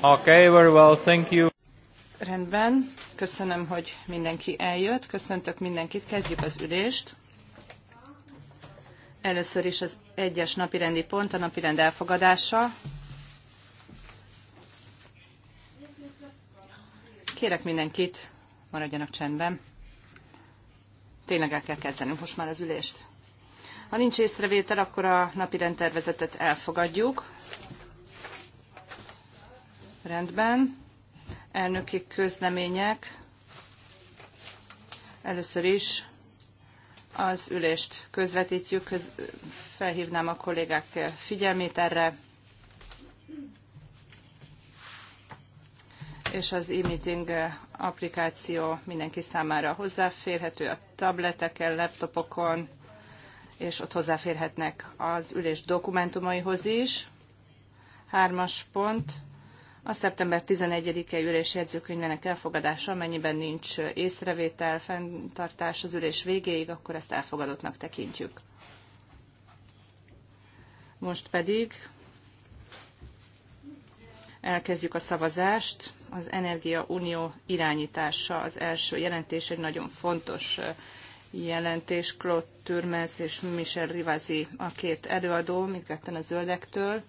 Okay, very well, thank you. Rendben, köszönöm, hogy mindenki eljött. Köszöntök mindenkit, kezdjük az ülést. Először is az egyes napirendi pont, a napirend elfogadása. Kérek mindenkit, maradjanak csendben. Tényleg el kell kezdenünk most már az ülést. Ha nincs észrevétel, akkor a napi rendtervezetet elfogadjuk. Rendben. Elnöki közlemények. Először is az ülést közvetítjük, köz, felhívnám a kollégák figyelmét erre, és az e-meeting applikáció mindenki számára hozzáférhető a tableteken, laptopokon, és ott hozzáférhetnek az ülés dokumentumaihoz is. Hármas pont a szeptember 11 i ülés jegyzőkönyvének elfogadása, amennyiben nincs észrevétel, fenntartás az ülés végéig, akkor ezt elfogadottnak tekintjük. Most pedig elkezdjük a szavazást. Az Energia Unió irányítása az első jelentés, egy nagyon fontos jelentés. Claude Türmez és Michel Rivazi a két előadó, mindketten a zöldektől.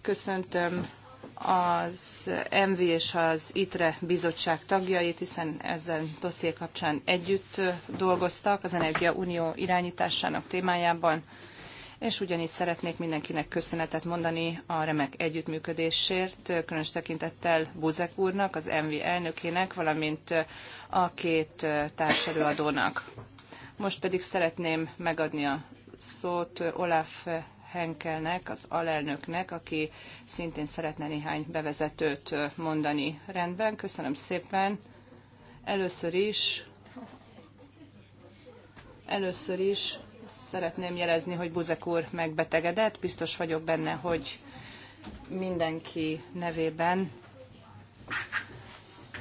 Köszöntöm az MV és az ITRE bizottság tagjait, hiszen ezen dosszié kapcsán együtt dolgoztak az Energia Unió irányításának témájában, és ugyanis szeretnék mindenkinek köszönetet mondani a remek együttműködésért, különös tekintettel Buzek úrnak, az MV elnökének, valamint a két társelőadónak. Most pedig szeretném megadni a szót Olaf Henkelnek, az alelnöknek, aki szintén szeretne néhány bevezetőt mondani. Rendben, köszönöm szépen. Először is, először is szeretném jelezni, hogy Buzek úr megbetegedett. Biztos vagyok benne, hogy mindenki nevében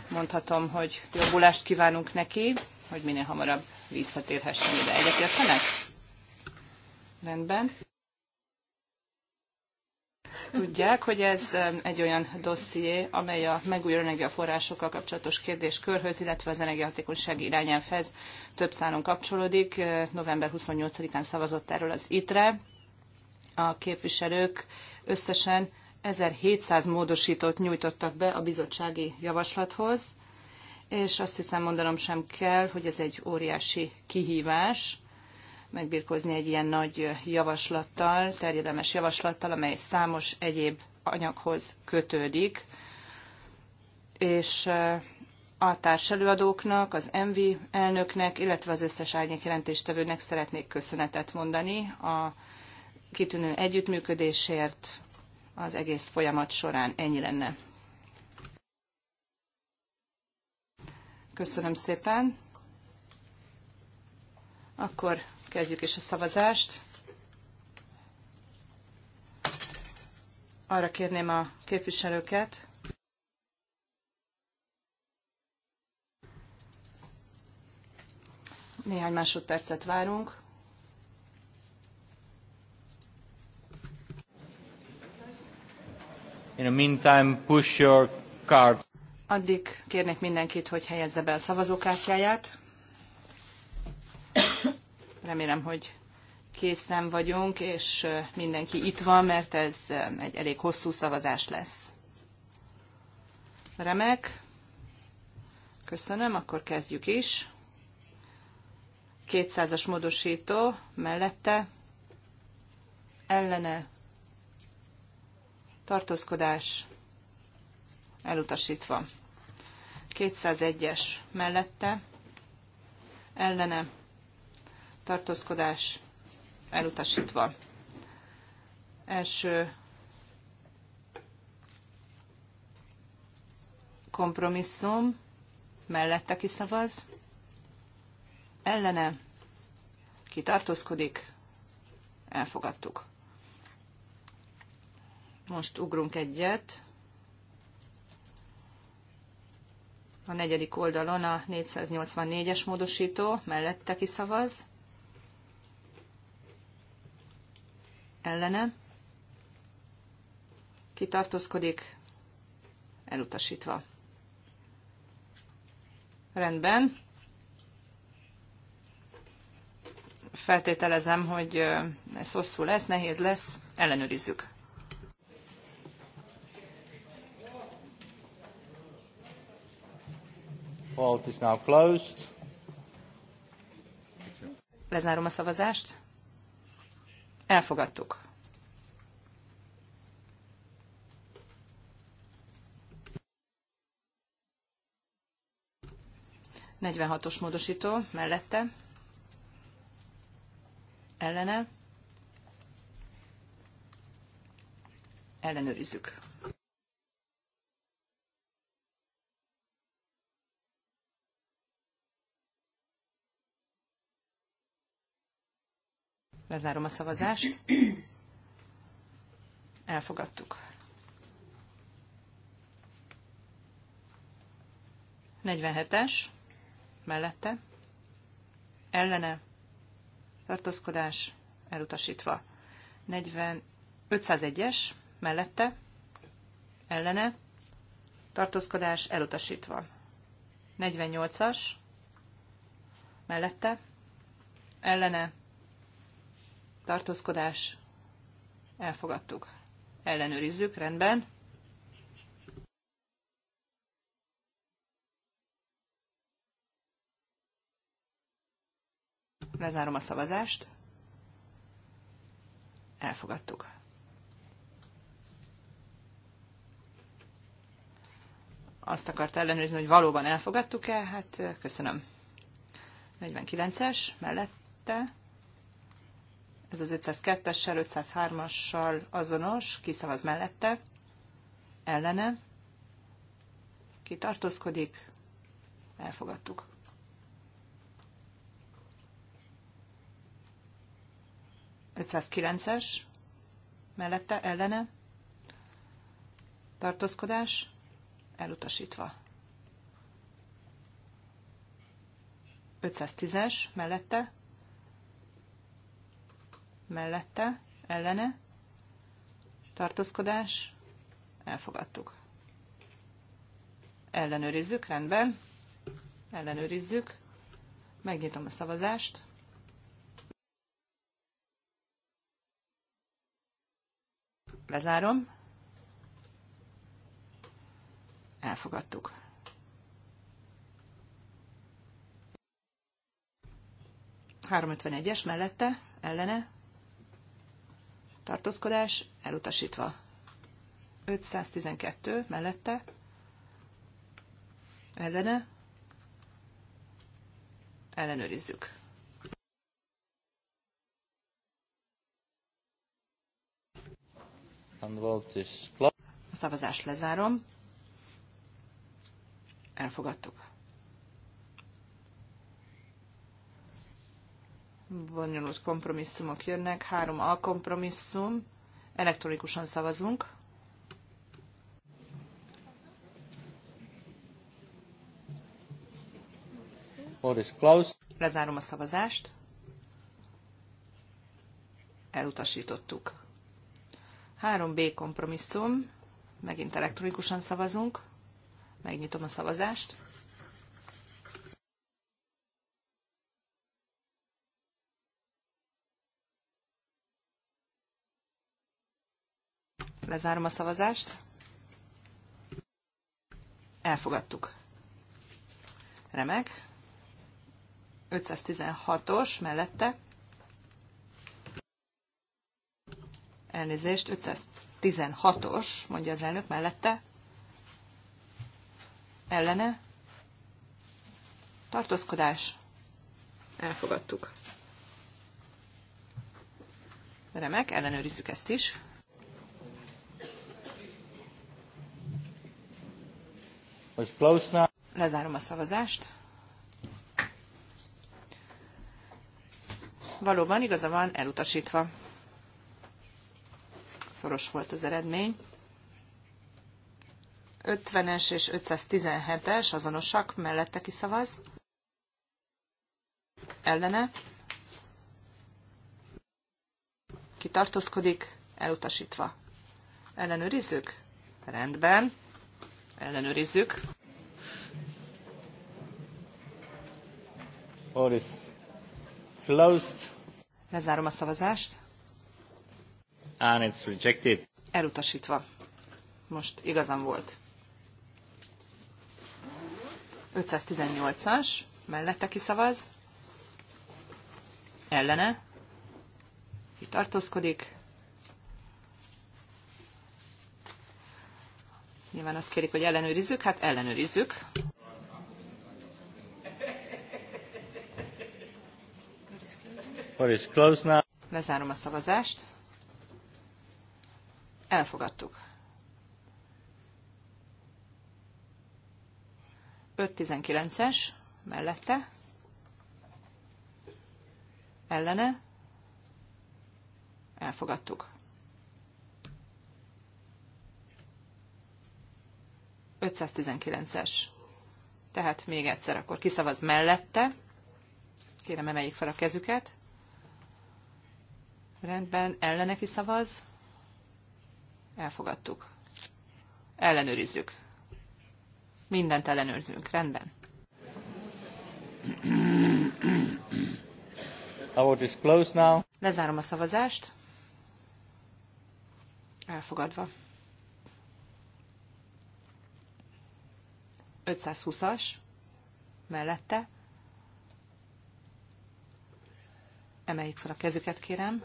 mondhatom, hogy jobbulást kívánunk neki, hogy minél hamarabb visszatérhessen ide. Egyetértenek? Rendben tudják, hogy ez egy olyan dosszié, amely a megújuló energiaforrásokkal kapcsolatos kérdéskörhöz, illetve az energiahatékonyság irányelvhez több szálon kapcsolódik. November 28-án szavazott erről az ITRE. A képviselők összesen 1700 módosítót nyújtottak be a bizottsági javaslathoz, és azt hiszem mondanom sem kell, hogy ez egy óriási kihívás, megbirkózni egy ilyen nagy javaslattal, terjedelmes javaslattal, amely számos egyéb anyaghoz kötődik, és a társelőadóknak, az MV elnöknek, illetve az összes árnyék jelentéstevőnek szeretnék köszönetet mondani a kitűnő együttműködésért az egész folyamat során. Ennyi lenne. Köszönöm szépen. Akkor Kezdjük is a szavazást. Arra kérném a képviselőket, Néhány másodpercet várunk. In the meantime, push your card. Addig kérnék mindenkit, hogy helyezze be a szavazókártyáját. Remélem, hogy készen vagyunk, és mindenki itt van, mert ez egy elég hosszú szavazás lesz. Remek. Köszönöm, akkor kezdjük is. 200-as módosító mellette ellene tartózkodás elutasítva. 201-es mellette ellene tartózkodás elutasítva. Első kompromisszum mellette kiszavaz, ellene kitartózkodik, elfogadtuk. Most ugrunk egyet. A negyedik oldalon a 484-es módosító mellette kiszavaz, ellene, kitartózkodik, elutasítva. Rendben. Feltételezem, hogy ez hosszú lesz, nehéz lesz, ellenőrizzük. Vote is now closed. Lezárom a szavazást. Elfogadtuk. Negyvenhatos módosító mellette. Ellene. Ellenőrizzük. Lezárom a szavazást. Elfogadtuk. 47-es, mellette, ellene, tartózkodás, elutasítva. 501-es, mellette, ellene, tartózkodás, elutasítva. 48-as, mellette, ellene, tartózkodás, elfogadtuk. Ellenőrizzük, rendben. Lezárom a szavazást. Elfogadtuk. Azt akart ellenőrizni, hogy valóban elfogadtuk-e? Hát köszönöm. 49-es mellette ez az 502-essel, 503-assal azonos, kiszavaz mellette, ellene, ki tartózkodik, elfogadtuk. es mellette, ellene, tartózkodás, elutasítva. 510-es mellette, mellette, ellene, tartózkodás, elfogadtuk. Ellenőrizzük, rendben, ellenőrizzük, megnyitom a szavazást. Lezárom. Elfogadtuk. Háromötvenegyes mellette, ellene, tartózkodás elutasítva. 512 mellette, ellene, ellenőrizzük. A szavazást lezárom. Elfogadtuk. bonyolult kompromisszumok jönnek. Három A kompromisszum. Elektronikusan szavazunk. Lezárom a szavazást. Elutasítottuk. 3B kompromisszum. Megint elektronikusan szavazunk. Megnyitom a szavazást. Lezárom a szavazást. Elfogadtuk. Remek. 516-os mellette. Elnézést, 516-os, mondja az elnök mellette. Ellene. Tartózkodás. Elfogadtuk. Remek, ellenőrizzük ezt is. Lezárom a szavazást. Valóban igaza van, elutasítva. Szoros volt az eredmény. 50-es és 517-es azonosak, mellette kiszavaz. Ellene. Kitartózkodik, elutasítva. Ellenőrizzük? Rendben ellenőrizzük. All closed. Lezárom a szavazást. And it's rejected. Elutasítva. Most igazam volt. 518-as, mellette kiszavaz, ellene, ki tartózkodik, Nyilván azt kérik, hogy ellenőrizzük, hát ellenőrizzük. Lezárom a szavazást. Elfogadtuk. 5.19-es mellette, ellene, elfogadtuk. 519-es. Tehát még egyszer, akkor kiszavaz mellette. Kérem, emeljék fel a kezüket. Rendben, ellene kiszavaz. Elfogadtuk. Ellenőrizzük. Mindent ellenőrzünk. Rendben. I will disclose now. Lezárom a szavazást. Elfogadva. 520-as mellette. Emeljük fel a kezüket, kérem.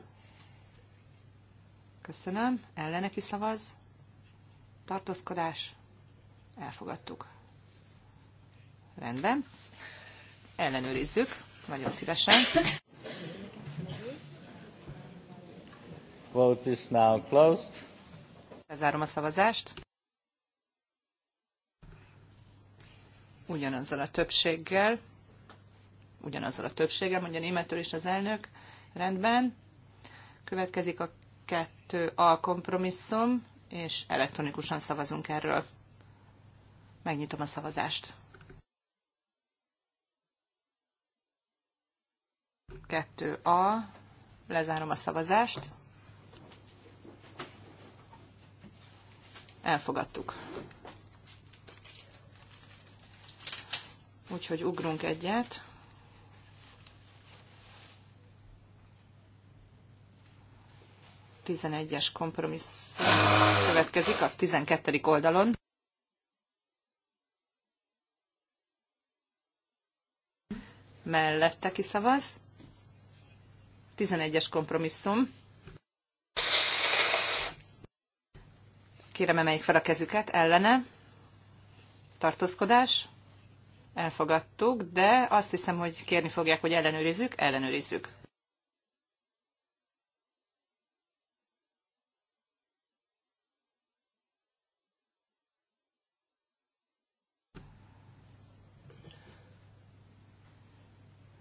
Köszönöm. Ellene kiszavaz. Tartózkodás. Elfogadtuk. Rendben. Ellenőrizzük. Nagyon szívesen. Vote is now closed. Lezárom a szavazást. ugyanazzal a többséggel, ugyanazzal a többséggel, mondja Németől is az elnök, rendben. Következik a kettő a kompromisszum, és elektronikusan szavazunk erről. Megnyitom a szavazást. Kettő a, lezárom a szavazást. Elfogadtuk. úgyhogy ugrunk egyet. Tizenegyes kompromisszum következik a 12. oldalon. Mellette kiszavaz. 11-es kompromisszum. Kérem, emeljék fel a kezüket. Ellene. Tartózkodás elfogadtuk, de azt hiszem, hogy kérni fogják, hogy ellenőrizzük, ellenőrizzük.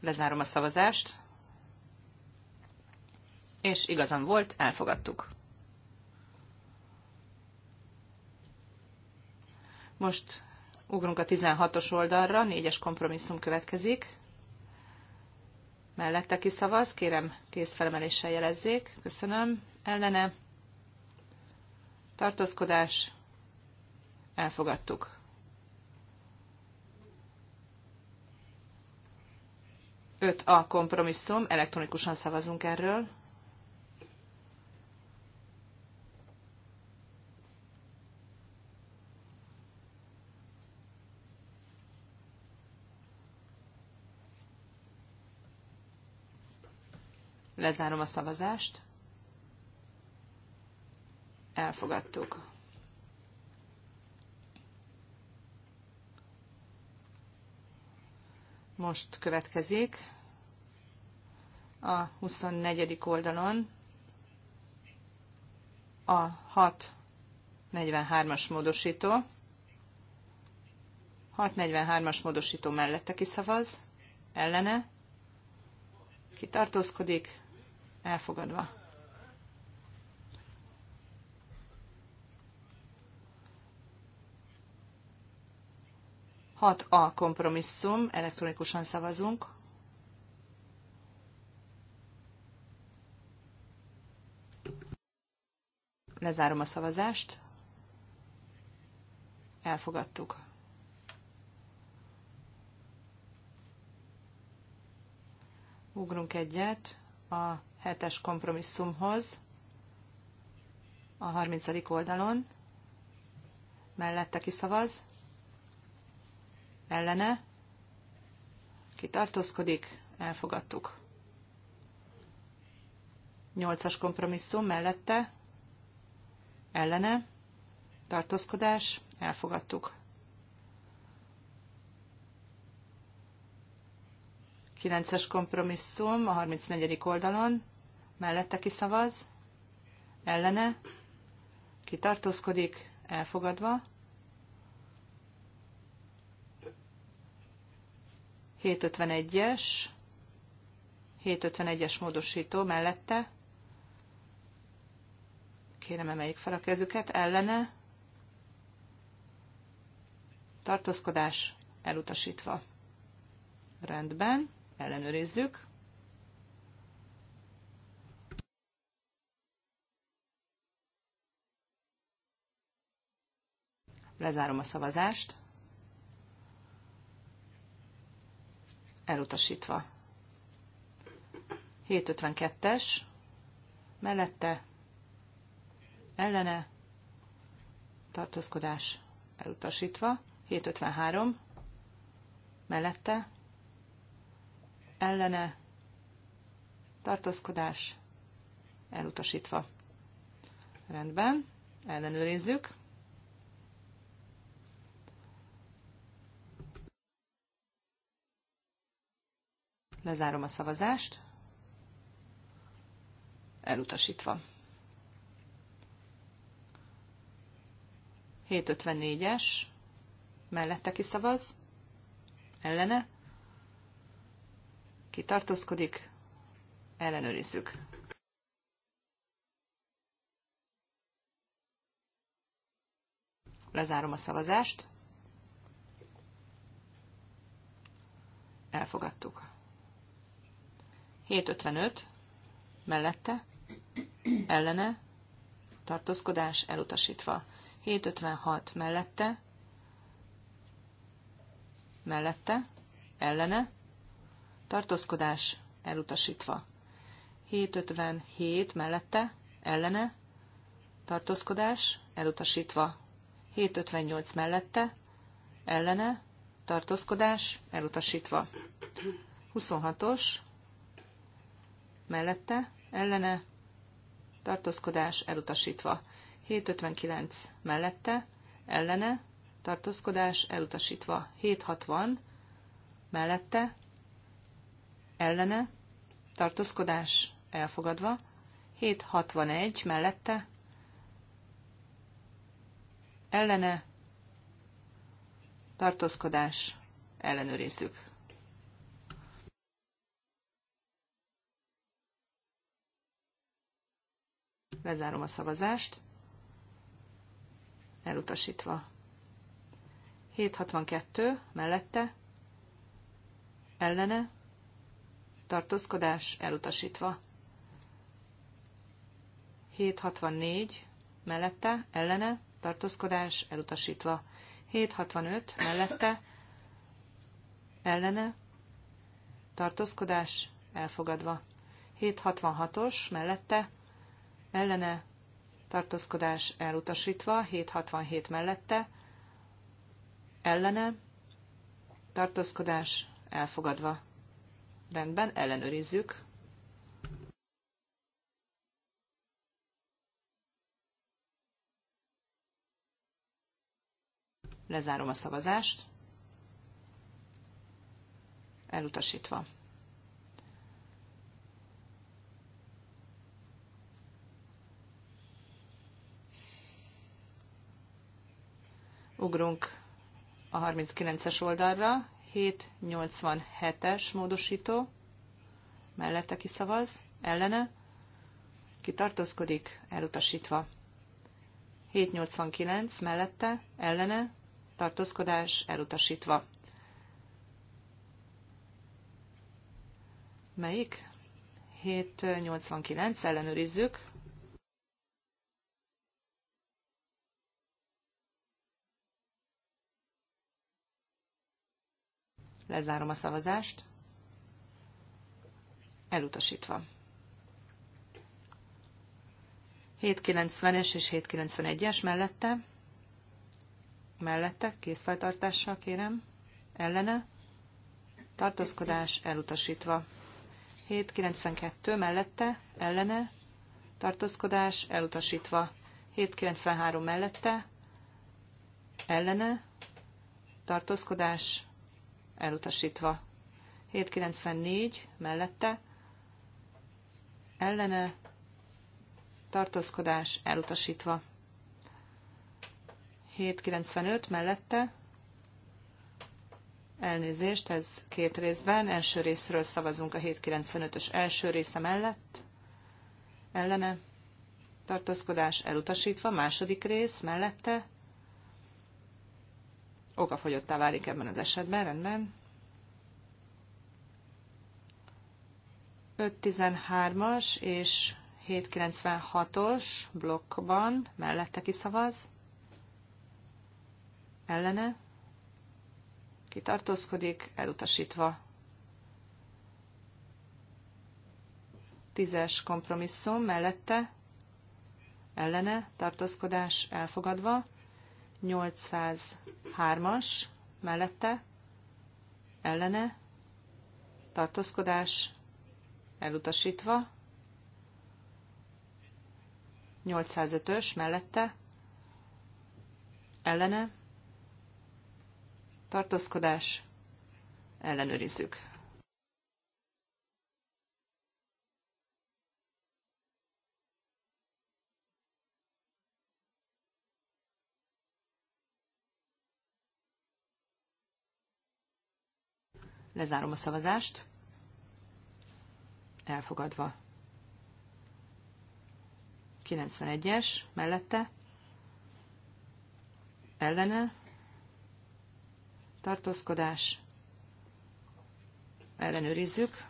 Lezárom a szavazást. És igazam volt, elfogadtuk. Most Ugrunk a 16-os oldalra, négyes kompromisszum következik. Mellette szavaz, kérem kézfelemeléssel jelezzék. Köszönöm. Ellene. Tartózkodás. Elfogadtuk. Öt a kompromisszum, elektronikusan szavazunk erről. Lezárom a szavazást. Elfogadtuk. Most következik a 24. oldalon a 643-as módosító. 643-as módosító mellette kiszavaz, ellene, kitartózkodik, elfogadva. Hat a kompromisszum, elektronikusan szavazunk. Lezárom a szavazást. Elfogadtuk. Ugrunk egyet a hetes kompromisszumhoz a 30. oldalon. Mellette kiszavaz. Ellene. Ki tartózkodik? Elfogadtuk. 8-as kompromisszum mellette. Ellene. Tartózkodás. Elfogadtuk. 9-es kompromisszum a 34. oldalon mellette kiszavaz, ellene, kitartózkodik, elfogadva. 751-es, 751-es módosító mellette, kérem emeljük fel a kezüket, ellene, tartózkodás elutasítva. Rendben, ellenőrizzük. Lezárom a szavazást. Elutasítva. 752-es. Mellette. Ellene. Tartózkodás. Elutasítva. 753. Mellette. Ellene. Tartózkodás. Elutasítva. Rendben. Ellenőrizzük. Lezárom a szavazást. Elutasítva. 754-es. Mellette kiszavaz. Ellene. Kitartózkodik. Ellenőrizzük. Lezárom a szavazást. Elfogadtuk. 755 mellette, ellene, tartózkodás elutasítva. 756 mellette, mellette, ellene, tartózkodás elutasítva. 757 mellette, ellene, tartózkodás elutasítva. 758 mellette, ellene, tartózkodás elutasítva. 26-os mellette, ellene, tartózkodás elutasítva. 759 mellette, ellene, tartózkodás elutasítva. 760 mellette, ellene, tartózkodás elfogadva. 761 mellette, ellene, tartózkodás ellenőrizzük. Lezárom a szavazást. Elutasítva. 762 mellette. Ellene. Tartózkodás elutasítva. 764 mellette, ellene, tartózkodás elutasítva. 765 mellette, ellene, tartózkodás elfogadva. 766-os mellette, ellene tartózkodás elutasítva, 767 mellette, ellene tartózkodás elfogadva. Rendben, ellenőrizzük. Lezárom a szavazást. Elutasítva. Ugrunk a 39-es oldalra, 787-es módosító, mellette kiszavaz, ellene, kitartózkodik, elutasítva. 789 mellette, ellene, tartózkodás, elutasítva. Melyik? 789, ellenőrizzük. Lezárom a szavazást. Elutasítva. 790-es és 791-es mellette. Mellette, készfeltartással kérem. Ellene. Tartózkodás elutasítva. 792 mellette, ellene, tartózkodás elutasítva. 793 mellette, ellene, tartózkodás elutasítva. 794 mellette ellene tartózkodás elutasítva. 795 mellette elnézést, ez két részben. Első részről szavazunk a 795-ös első része mellett. Ellene tartózkodás elutasítva. Második rész mellette okafogyottá válik ebben az esetben, rendben. 5.13-as és 7.96-os blokkban mellette kiszavaz, ellene, kitartózkodik, elutasítva. Tízes kompromisszum mellette, ellene, tartózkodás elfogadva. 803-as mellette ellene tartózkodás elutasítva, 805-ös mellette ellene tartózkodás ellenőrizzük. Lezárom a szavazást. Elfogadva. 91-es mellette. Ellene. Tartózkodás. Ellenőrizzük.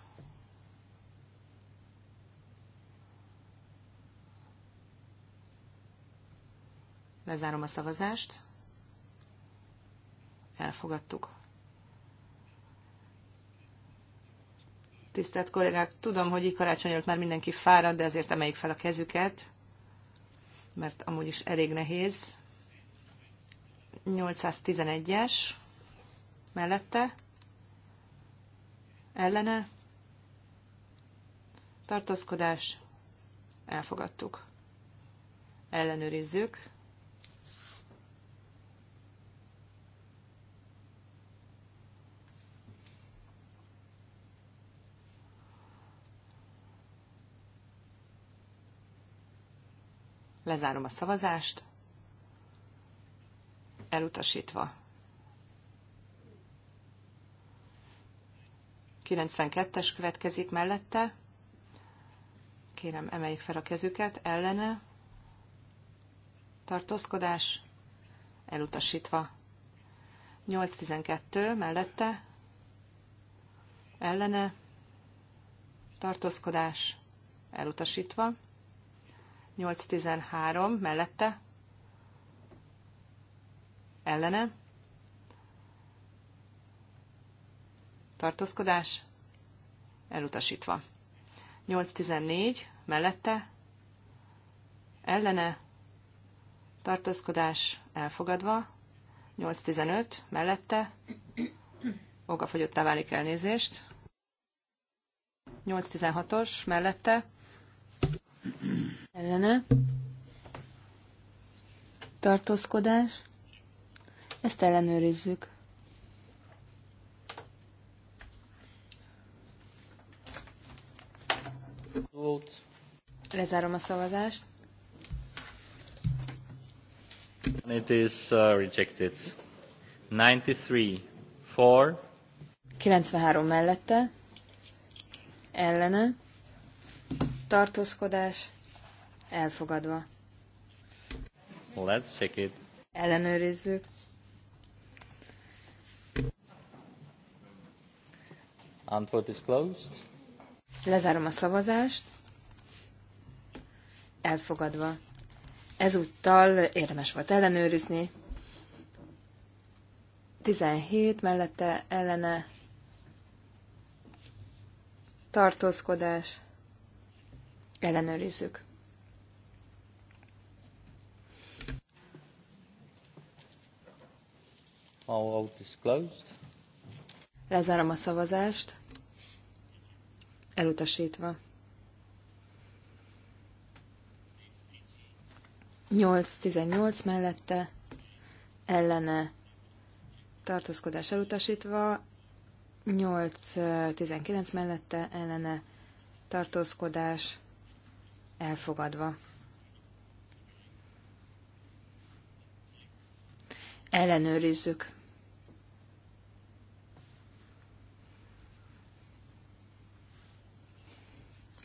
Lezárom a szavazást. Elfogadtuk. Tisztelt kollégák, tudom, hogy így karácsony előtt már mindenki fárad, de ezért emeljük fel a kezüket, mert amúgy is elég nehéz. 811-es mellette, ellene, tartózkodás, elfogadtuk. Ellenőrizzük. Lezárom a szavazást. Elutasítva. 92-es következik mellette. Kérem, emeljék fel a kezüket. Ellene. Tartózkodás. Elutasítva. 812 mellette. Ellene. Tartózkodás. Elutasítva. 8-13 mellette, ellene, tartózkodás, elutasítva. 8-14 mellette, ellene, tartózkodás, elfogadva. 8-15 mellette, okafogyottá válik elnézést. 8 16 os mellette, kellene. tartózkodás, ezt ellenőrizzük. Volt. Lezárom a szavazást. And it is uh, rejected. 93 for. 93 mellette. Ellene. Tartózkodás. Elfogadva. Let's check it. Ellenőrizzük. And vote is closed. Lezárom a szavazást. Elfogadva. Ezúttal érdemes volt ellenőrizni. 17 mellette ellene tartózkodás. Ellenőrizzük. Lezárom a szavazást. Elutasítva. 8-18 mellette ellene tartózkodás elutasítva, 8-19 mellette ellene tartózkodás elfogadva. Ellenőrizzük.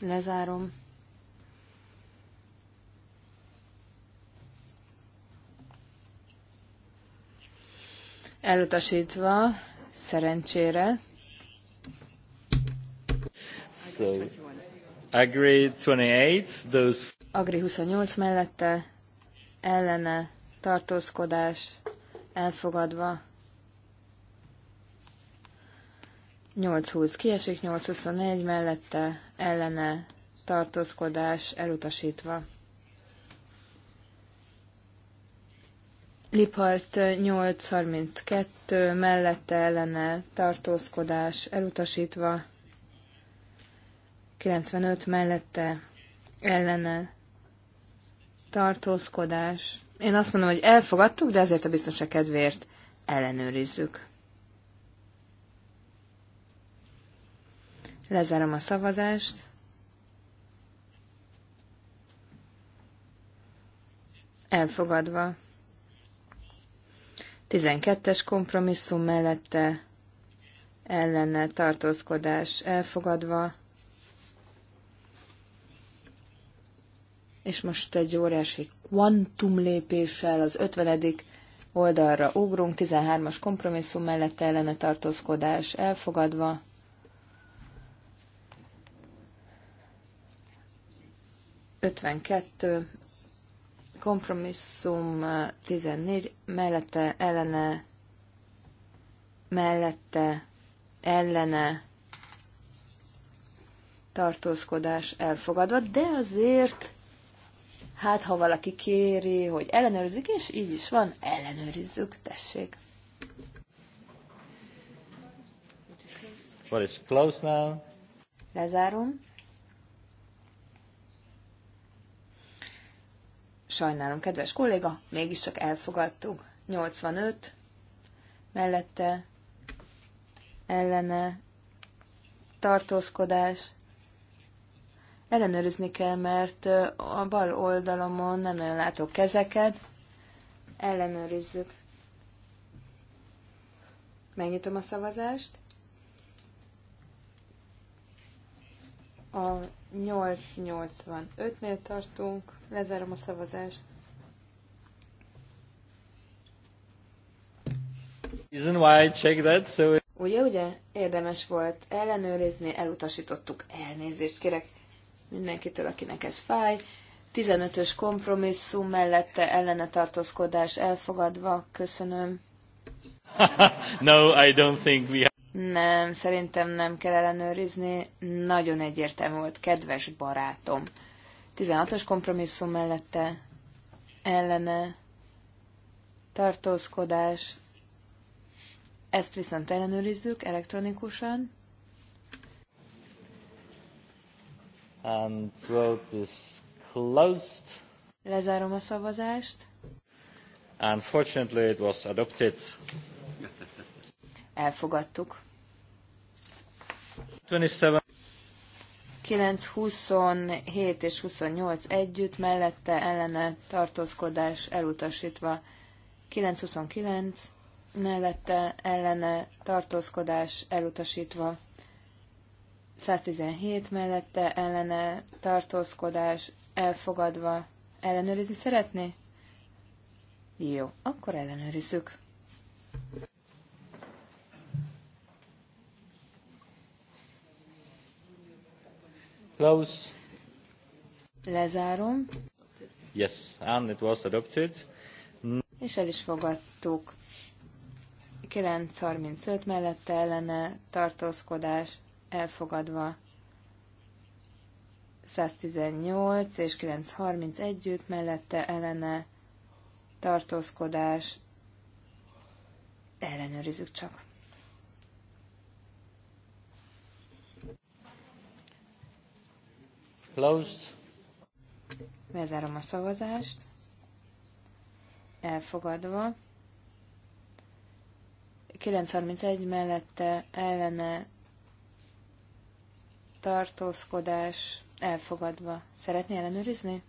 Lezárom. Elutasítva, szerencsére. So, Agri 28, those... Agri 28 mellette, ellene, tartózkodás, elfogadva. 8-20 kiesik, 8-21 mellette ellene tartózkodás elutasítva. Liphart 32 mellette ellene tartózkodás elutasítva. 95 mellette ellene tartózkodás. Én azt mondom, hogy elfogadtuk, de ezért a biztonság kedvéért ellenőrizzük. Lezárom a szavazást. Elfogadva. 12-es kompromisszum mellette ellene tartózkodás elfogadva. És most egy óriási kvantum lépéssel az 50. oldalra ugrunk, 13-as kompromisszum mellette ellene tartózkodás elfogadva. 52, kompromisszum 14, mellette ellene, mellette ellene tartózkodás elfogadva, de azért, hát ha valaki kéri, hogy ellenőrzik, és így is van, ellenőrizzük, tessék. What close now? Lezárom. Sajnálom, kedves kolléga, mégiscsak elfogadtuk. 85 mellette ellene tartózkodás. Ellenőrizni kell, mert a bal oldalomon nem nagyon látok kezeket. Ellenőrizzük. Megnyitom a szavazást. A 885-nél tartunk, lezárom a szavazást. Isn't why I check that, so... Ugye, ugye? Érdemes volt ellenőrizni, elutasítottuk, elnézést kérek mindenkitől, akinek ez fáj. 15-ös kompromisszum mellette ellene tartózkodás elfogadva, köszönöm. no, I don't think we nem, szerintem nem kell ellenőrizni. Nagyon egyértelmű volt, kedves barátom. 16-os kompromisszum mellette ellene tartózkodás. Ezt viszont ellenőrizzük elektronikusan. And vote is closed. Lezárom a szavazást. Unfortunately it was adopted. Elfogadtuk. 9, 27 és 28 együtt, mellette ellene tartózkodás elutasítva. 929 mellette ellene tartózkodás elutasítva. 117 mellette ellene tartózkodás elfogadva. Ellenőrizni szeretné? Jó, akkor ellenőrizzük. Close. Lezárom. Yes, and it was adopted. És el is fogadtuk. 9.35 mellette ellene tartózkodás elfogadva. 118 és 930 együtt mellette ellene tartózkodás ellenőrizzük csak. Closed. Lezárom a szavazást. Elfogadva. 931 mellette ellene tartózkodás elfogadva. Szeretné ellenőrizni?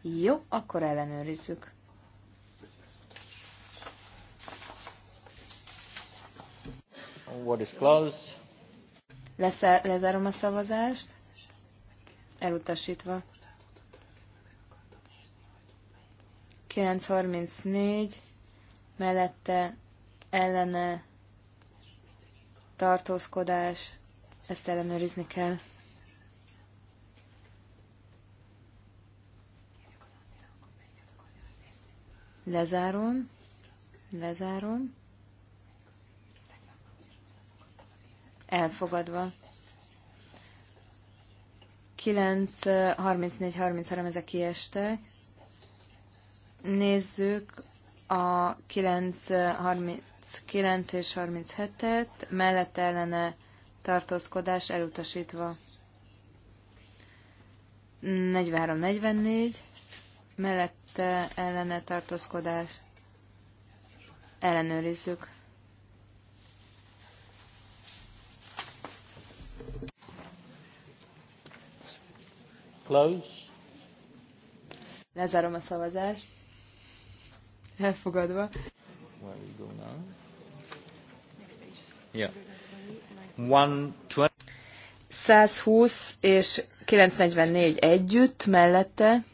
Jó, akkor ellenőrizzük. What is closed? Lesz, lezárom a szavazást elutasítva. 934 mellette ellene tartózkodás, ezt ellenőrizni kell. Lezárom, lezárom. Elfogadva. 9, 34, 33 ezek kiestek. Nézzük a 9, 39 és 37-et, mellette ellene tartózkodás elutasítva. 43-44, mellette ellene tartózkodás ellenőrizzük. Close. Lezárom a szavazást. Elfogadva. Where we go now? Yeah. 120. 120 és 944 együtt, mellette.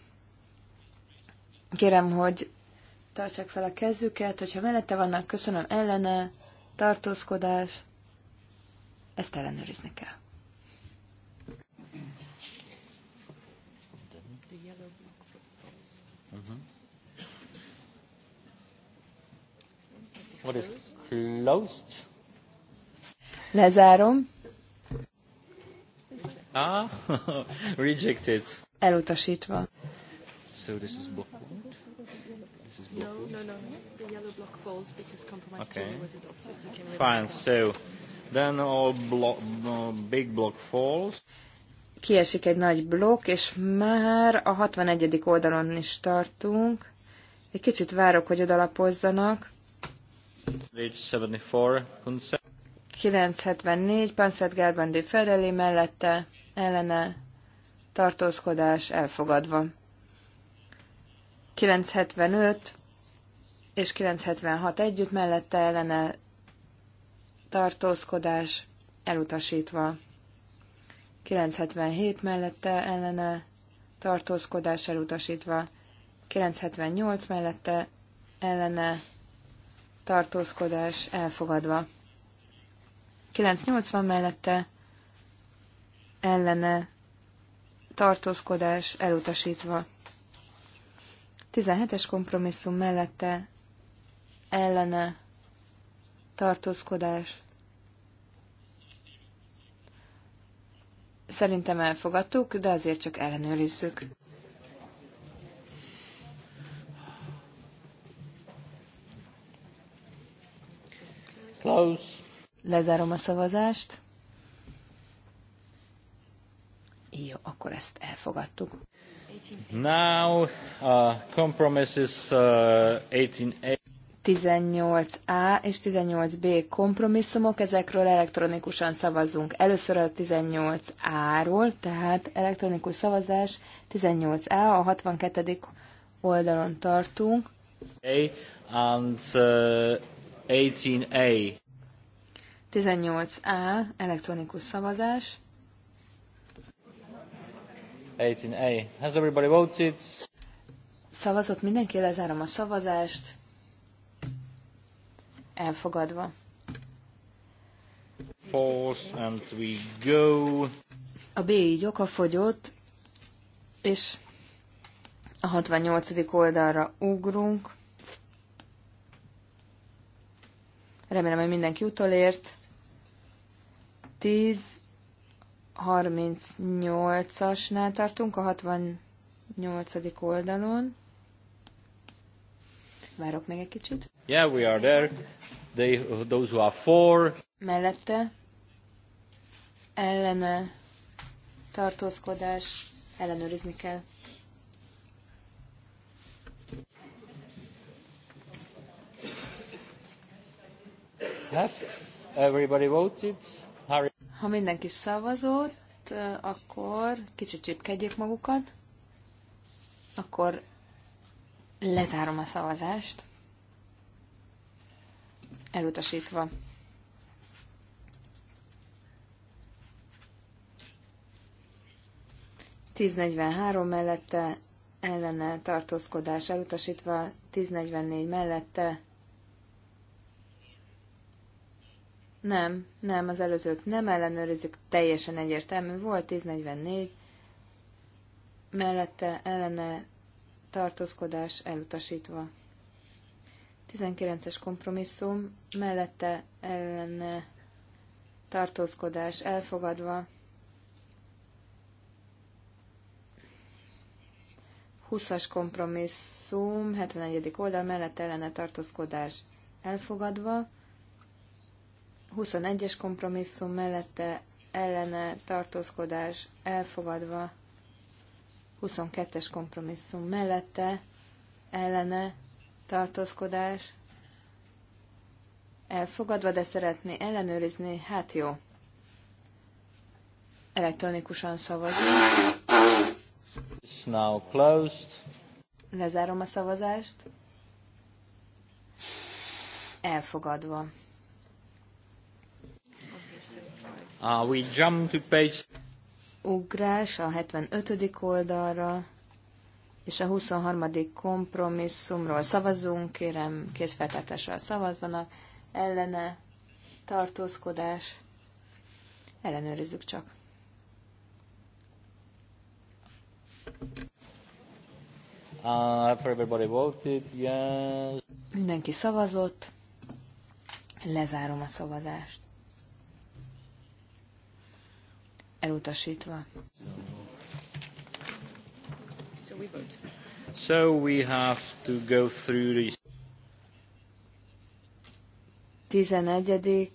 Kérem, hogy tartsák fel a kezüket, hogyha mellette vannak, köszönöm ellene, tartózkodás, ezt ellenőrizni kell. Lezárom. Ah, rejected. Elutasítva. So this is block vote? This is block vote? No, no, no. The yellow block falls because compromise okay. was adopted. Fine, so then all block, uh, big block falls. Kiesik egy nagy blokk, és már a 61. oldalon is tartunk. Egy kicsit várok, hogy odalapozzanak. 974, Panszert Gerbendi Ferreli mellette, ellene, tartózkodás elfogadva. 975 és 976 együtt mellette ellene, tartózkodás elutasítva. 977 mellette ellene, tartózkodás elutasítva. 978 mellette ellene, tartózkodás elfogadva. 980 mellette ellene tartózkodás elutasítva. 17-es kompromisszum mellette ellene tartózkodás. Szerintem elfogadtuk, de azért csak ellenőrizzük. Close. Lezárom a szavazást. Jó, akkor ezt elfogadtuk. Now uh, compromises uh, 18A. 18A és 18B kompromisszumok, ezekről elektronikusan szavazunk. Először a 18A-ról, tehát elektronikus szavazás 18A, a 62. oldalon tartunk. A and uh, 18A. 18A, elektronikus szavazás. 18A. Has everybody voted? Szavazott mindenki, lezárom a szavazást. Elfogadva. False and we go. A B így okafogyott, és a 68. oldalra ugrunk. Remélem, hogy mindenki utolért. 10 38-asnál tartunk, a 68. oldalon. Várok még egy kicsit. Yeah, we are there. They, those who are for. Mellette. Ellene. Tartózkodás. Ellenőrizni kell. Ha mindenki szavazott, akkor kicsit csipkedjék magukat. Akkor lezárom a szavazást. Elutasítva. Tíznegyvenhárom mellette ellene tartózkodás elutasítva, 1044 mellette Nem, nem, az előzőt nem ellenőrizik, teljesen egyértelmű volt, 1044, mellette ellene tartózkodás elutasítva. 19-es kompromisszum, mellette ellene tartózkodás elfogadva. 20-as kompromisszum, 71. oldal mellett ellene tartózkodás elfogadva. 21-es kompromisszum mellette ellene tartózkodás elfogadva, 22-es kompromisszum mellette ellene tartózkodás elfogadva, de szeretné ellenőrizni, hát jó. Elektronikusan szavazunk. It's now closed. Lezárom a szavazást. Elfogadva. Uh, we jump to page... Ugrás a 75. oldalra, és a 23. kompromisszumról szavazunk. kérem kézfeltartással szavazzanak, ellene tartózkodás, ellenőrizzük csak. Uh, everybody voted, yes. Mindenki szavazott. Lezárom a szavazást. elutasítva. So we have to go through the... 11.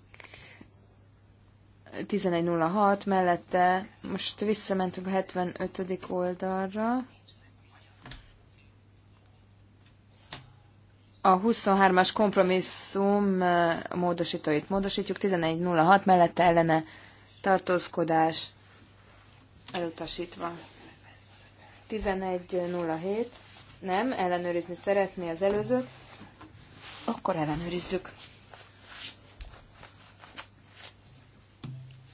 11.06 mellette, most visszamentünk a 75. oldalra. A 23-as kompromisszum eh, módosítóit módosítjuk, 11.06 mellette ellene tartózkodás Elutasítva. 11.07. Nem, ellenőrizni szeretné az előzőt. Akkor ellenőrizzük.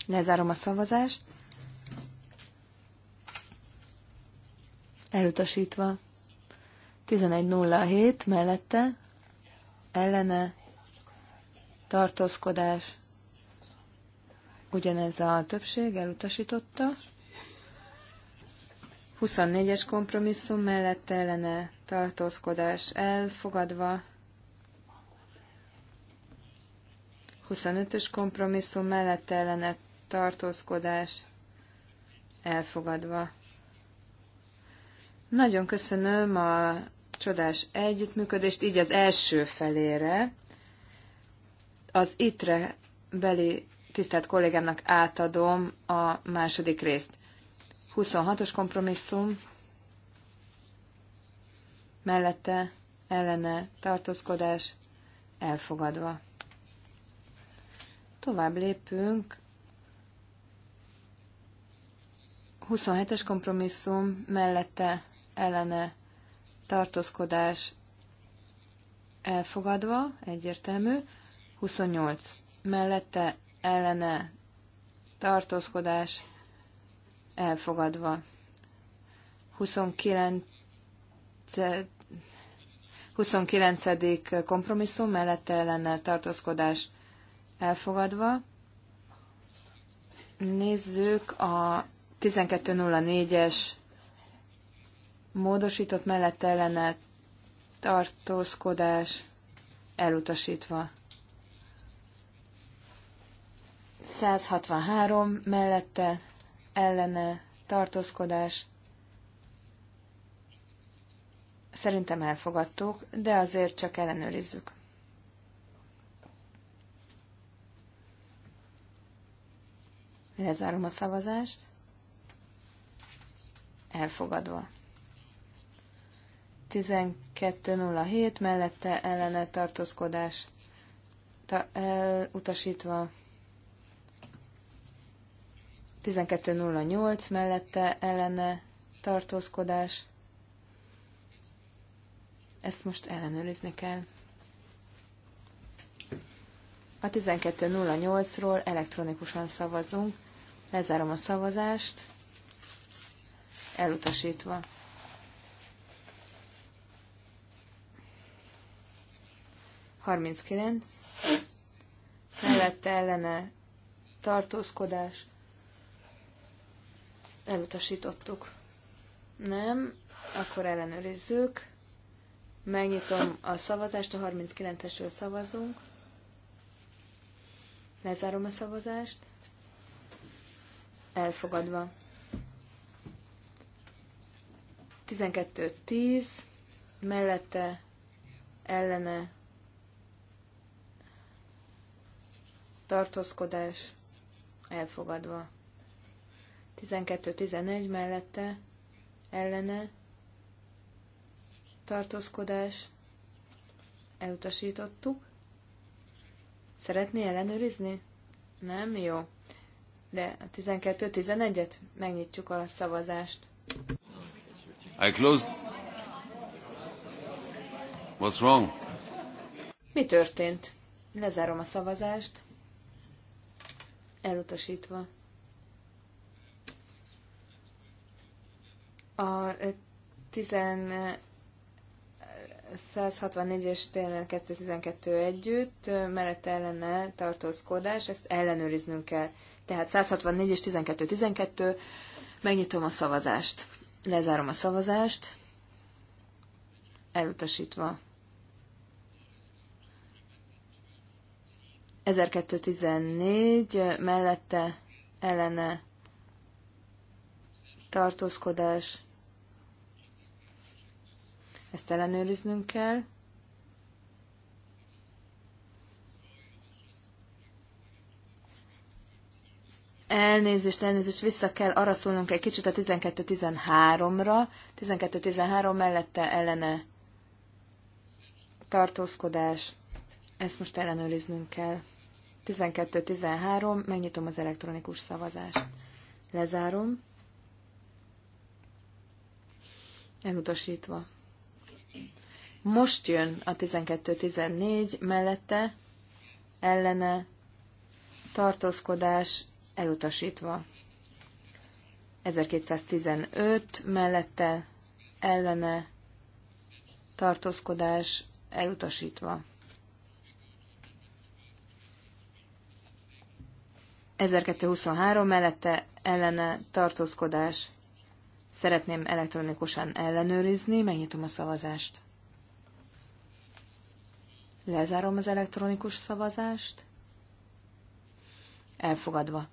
Lezárom a szavazást. Elutasítva. 11.07 mellette ellene tartózkodás. Ugyanez a többség elutasította. 24-es kompromisszum mellett ellene tartózkodás elfogadva. 25-ös kompromisszum mellett ellene tartózkodás elfogadva. Nagyon köszönöm a csodás együttműködést, így az első felére az ITRE beli tisztelt kollégámnak átadom a második részt. 26-os kompromisszum mellette ellene tartózkodás elfogadva. Tovább lépünk. 27-es kompromisszum mellette ellene tartózkodás elfogadva, egyértelmű. 28. Mellette ellene tartózkodás elfogadva. 29. 29. kompromisszum mellette lenne tartózkodás elfogadva. Nézzük a 1204-es módosított mellette ellene tartózkodás elutasítva. 163 mellette ellene tartózkodás. Szerintem elfogadtuk, de azért csak ellenőrizzük. Lezárom a szavazást. Elfogadva. 12.07 mellette ellene tartózkodás ta, elutasítva. 12.08 mellette ellene tartózkodás. Ezt most ellenőrizni kell. A 12.08-ról elektronikusan szavazunk. Lezárom a szavazást. Elutasítva. Harminckilenc. Mellette ellene tartózkodás Elutasítottuk. Nem, akkor ellenőrizzük. Megnyitom a szavazást, a 39-esről szavazunk. Lezárom a szavazást. Elfogadva. 12-10, mellette, ellene, tartózkodás, elfogadva. 12-11 mellette ellene tartózkodás elutasítottuk. Szeretné ellenőrizni? Nem? Jó. De a 12-11-et megnyitjuk a szavazást. I closed. What's wrong? Mi történt? Lezárom a szavazást. Elutasítva. A 164-es TLN 212 együtt, mellett ellene tartózkodás, ezt ellenőriznünk kell. Tehát 164 és 12 12, megnyitom a szavazást. Lezárom a szavazást, elutasítva. 1214 mellette ellene tartózkodás, ezt ellenőriznünk kell. Elnézést, elnézést, vissza kell arra szólnunk egy kicsit a 12-13-ra. 12-13 mellette ellene tartózkodás. Ezt most ellenőriznünk kell. 12-13, megnyitom az elektronikus szavazást. Lezárom. Elutasítva. Most jön a 12-14 mellette ellene tartózkodás elutasítva. 1215 mellette ellene tartózkodás elutasítva. 1223 mellette ellene tartózkodás szeretném elektronikusan ellenőrizni, megnyitom a szavazást. Lezárom az elektronikus szavazást. Elfogadva.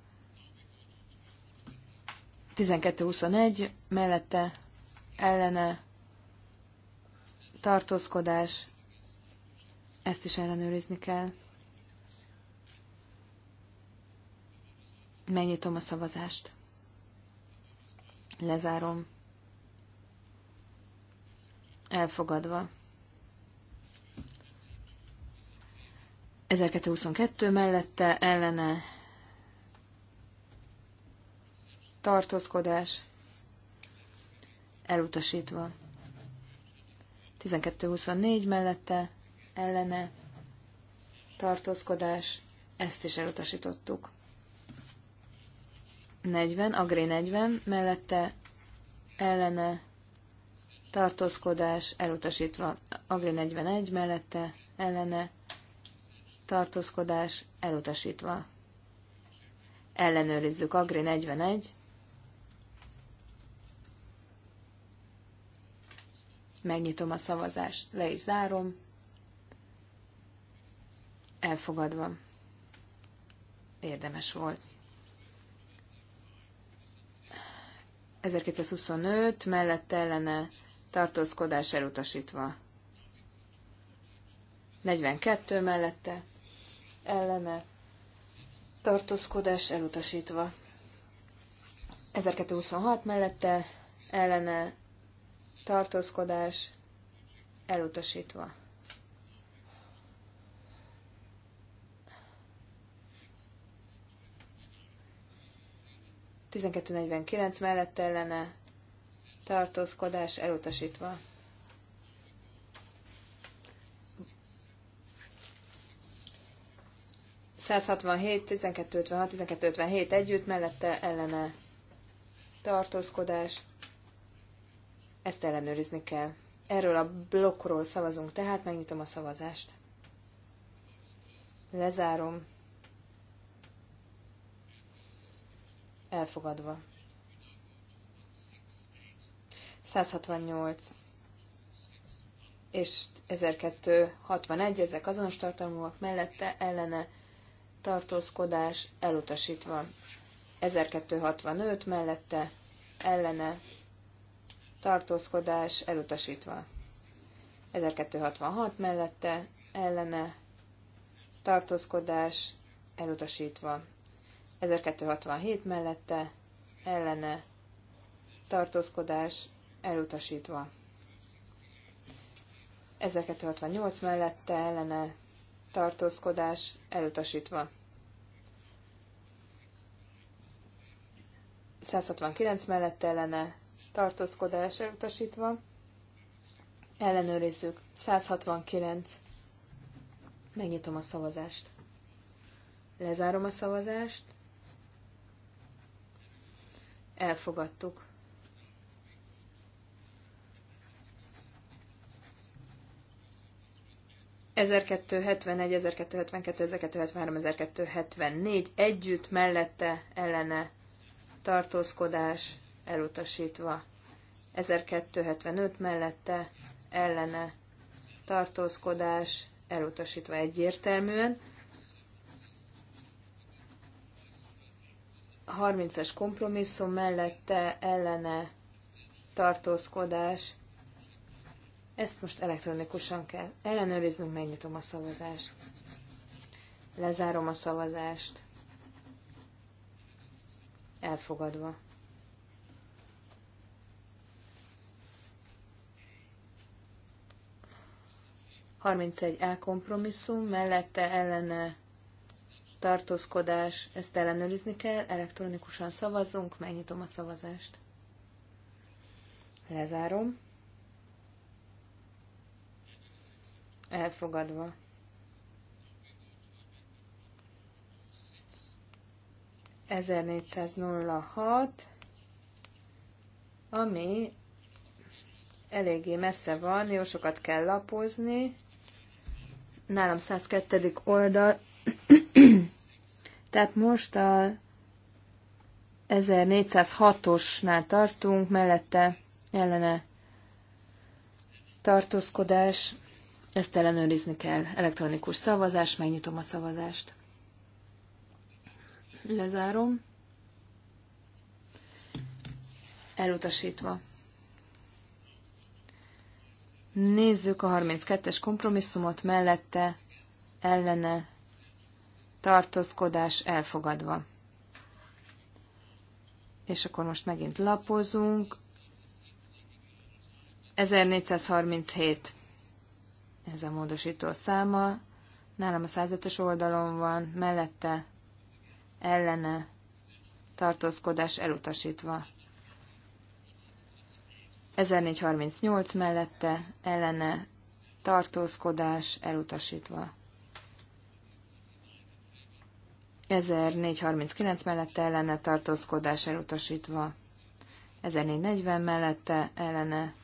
1221 mellette ellene tartózkodás, ezt is ellenőrizni kell. Megnyitom a szavazást. Lezárom. Elfogadva. 1222 mellette ellene tartózkodás elutasítva. 1224 mellette ellene tartózkodás, ezt is elutasítottuk. 40, agré 40 mellette ellene tartózkodás elutasítva. Agri 41 mellette ellene tartózkodás elutasítva. Ellenőrizzük Agri 41. Megnyitom a szavazást, le is zárom. Elfogadva. Érdemes volt. 1225 mellette ellene tartózkodás elutasítva. 42 mellette ellene tartózkodás elutasítva. 1226 mellette ellene tartózkodás elutasítva. Tizenkettő mellette ellene tartózkodás elutasítva. 167, 1256, 1257 együtt, mellette ellene tartózkodás. Ezt ellenőrizni kell. Erről a blokkról szavazunk, tehát megnyitom a szavazást. Lezárom. Elfogadva. 168 és 1261, ezek azonos tartalmúak mellette ellene tartózkodás elutasítva. 1265 mellette ellene tartózkodás elutasítva. 1266 mellette ellene tartózkodás elutasítva. 1267 mellette ellene tartózkodás elutasítva. 1268 mellette ellene tartózkodás elutasítva. 169 mellett ellene tartózkodás elutasítva. Ellenőrizzük. 169. Megnyitom a szavazást. Lezárom a szavazást. Elfogadtuk. ...1271, 1272, 1273, 1274 együtt, mellette, ellene tartózkodás elutasítva. 1275 mellette ellene tartózkodás elutasítva egyértelműen. 30-as kompromisszum mellette ellene tartózkodás. Ezt most elektronikusan kell ellenőriznünk, megnyitom a szavazást. Lezárom a szavazást elfogadva. egy elkompromisszum, mellette ellene tartózkodás, ezt ellenőrizni kell, elektronikusan szavazunk. megnyitom a szavazást. Lezárom. Elfogadva. 1406, ami eléggé messze van, jó sokat kell lapozni. Nálam 102. oldal. Tehát most a 1406-osnál tartunk, mellette ellene tartózkodás, ezt ellenőrizni kell. Elektronikus szavazás, megnyitom a szavazást. Lezárom. Elutasítva. Nézzük a 32-es kompromisszumot mellette, ellene, tartózkodás elfogadva. És akkor most megint lapozunk. 1437 ez a módosító száma. Nálam a 105-ös oldalon van, mellette ellene tartózkodás elutasítva. 1438 mellette ellene tartózkodás elutasítva. 1439 mellette ellene tartózkodás elutasítva. 1440 mellette ellene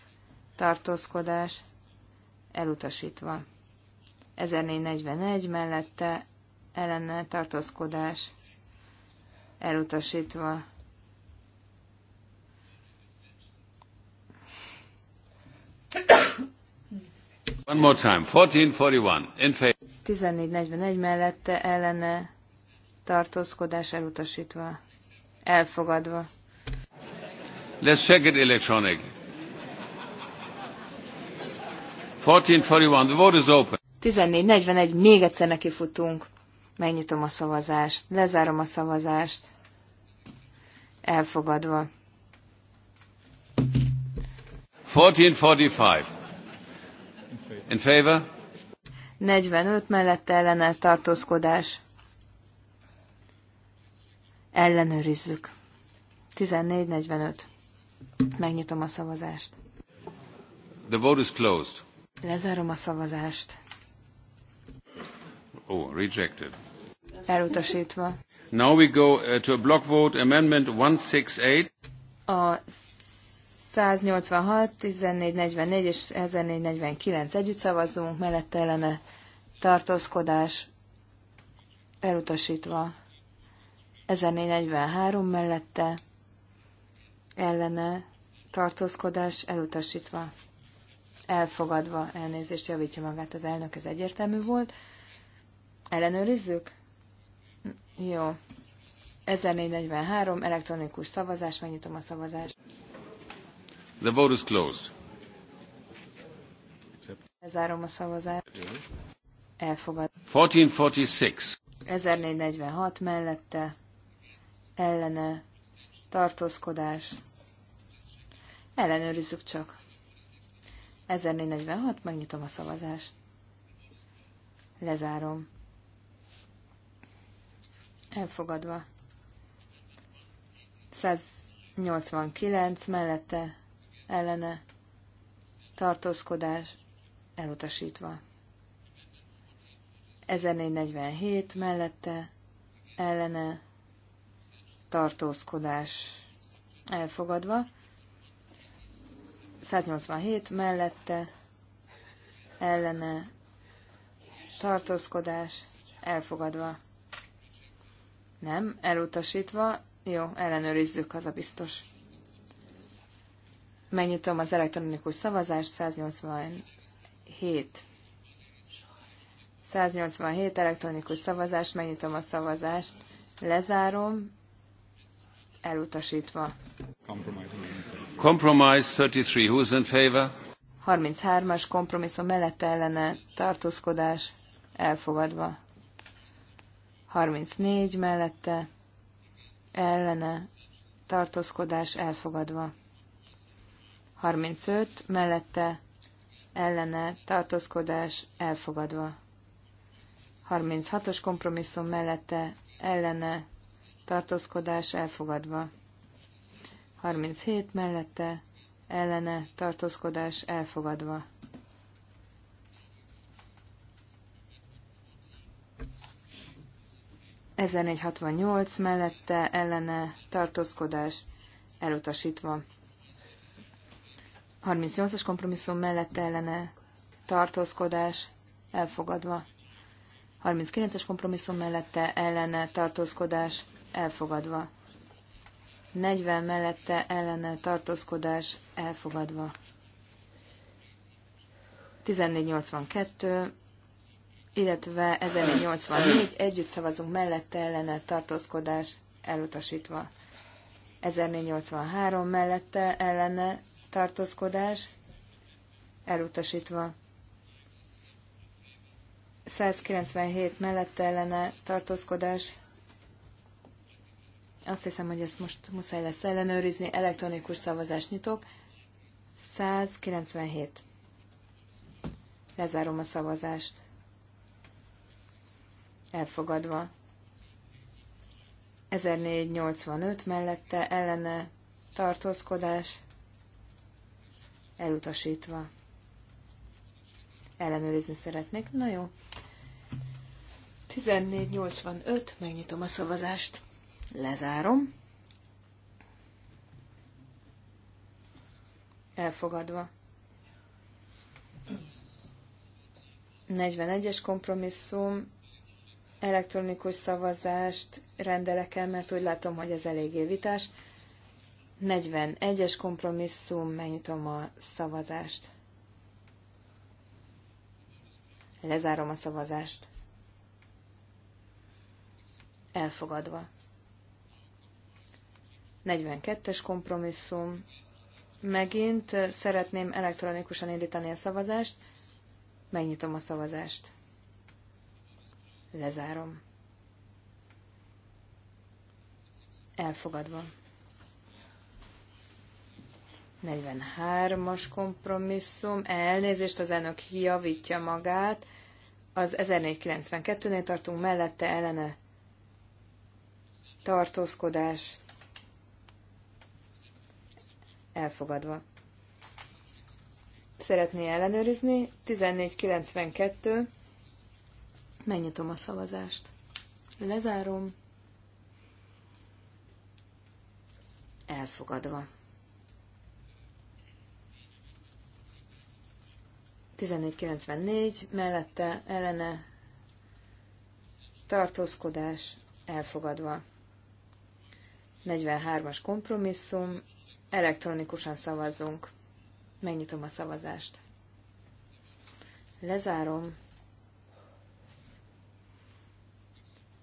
tartózkodás elutasítva. 1441 mellette ellene tartózkodás elutasítva. One more time. 1441. In favor. 1441 mellette ellene tartózkodás elutasítva. Elfogadva. Let's check it electronic. 1441. The vote is open. 1441. Még egyszer nekifutunk. Megnyitom a szavazást, lezárom a szavazást. Elfogadva. 1445. In favor? 45 mellett ellene tartózkodás. Ellenőrizzük. 1445. Megnyitom a szavazást. The vote is closed. Lezárom a szavazást. Oh, rejected. Elutasítva. Now we go uh, to a block vote amendment 168. A 186, 1444 és 1449 együtt szavazunk, mellette ellene tartózkodás elutasítva. 1443 mellette ellene tartózkodás elutasítva. Elfogadva elnézést javítja magát az elnök, ez egyértelmű volt. Ellenőrizzük? Jó. 1443, elektronikus szavazás, megnyitom a szavazást. The vote is closed. Lezárom a szavazást. Elfogad. 1446. 1446 mellette, ellene, tartózkodás. Ellenőrizzük csak. 1446, megnyitom a szavazást. Lezárom elfogadva. 189 mellette ellene tartózkodás elutasítva. 1447 mellette ellene tartózkodás elfogadva. 187 mellette ellene tartózkodás elfogadva. Nem, elutasítva. Jó, ellenőrizzük, az a biztos. Megnyitom az elektronikus szavazást, 187. 187 elektronikus szavazás, megnyitom a szavazást, lezárom, elutasítva. Compromise 33, who's in favor? 33-as kompromisszum mellette ellene tartózkodás elfogadva. 34 mellette ellene tartózkodás elfogadva. 35 mellette ellene tartózkodás elfogadva. 36-os kompromisszum mellette ellene tartózkodás elfogadva. 37 mellette ellene tartózkodás elfogadva. 1468 mellette ellene tartózkodás elutasítva. 38-as kompromisszum mellette ellene tartózkodás elfogadva. 39-es kompromisszum mellette ellene tartózkodás elfogadva. 40 mellette ellene tartózkodás elfogadva. 1482 illetve 1084, együtt szavazunk mellette ellene tartózkodás elutasítva. 1483 mellette ellene tartózkodás elutasítva. 197 mellette ellene tartózkodás. Azt hiszem, hogy ezt most muszáj lesz ellenőrizni. Elektronikus szavazást nyitok. 197. Lezárom a szavazást elfogadva. 1485 mellette ellene tartózkodás elutasítva. Ellenőrizni szeretnék. Na jó. 1485, megnyitom a szavazást, lezárom. Elfogadva. 41-es kompromisszum elektronikus szavazást rendelek el, mert úgy látom, hogy ez eléggé vitás. 41-es kompromisszum, megnyitom a szavazást. Lezárom a szavazást. Elfogadva. 42-es kompromisszum. Megint szeretném elektronikusan indítani a szavazást. Megnyitom a szavazást. Lezárom. Elfogadva. 43-as kompromisszum. Elnézést, az elnök javítja magát. Az 1492-nél tartunk, mellette ellene tartózkodás elfogadva. Szeretné ellenőrizni? 1492 Megnyitom a szavazást. Lezárom. Elfogadva. 1494, mellette ellene tartózkodás elfogadva. 43-as kompromisszum, elektronikusan szavazzunk. Megnyitom a szavazást. Lezárom.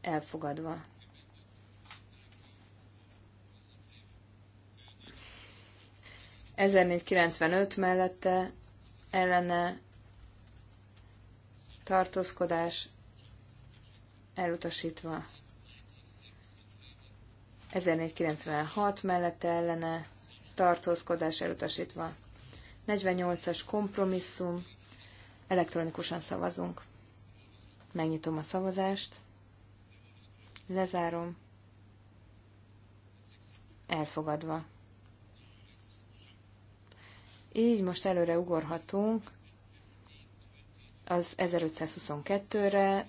elfogadva. ...1495 mellette ellene tartózkodás elutasítva. 1496 mellette ellene tartózkodás elutasítva. 48-as kompromisszum, elektronikusan szavazunk. Megnyitom a szavazást. Lezárom. Elfogadva. Így most előre ugorhatunk az 1522-re.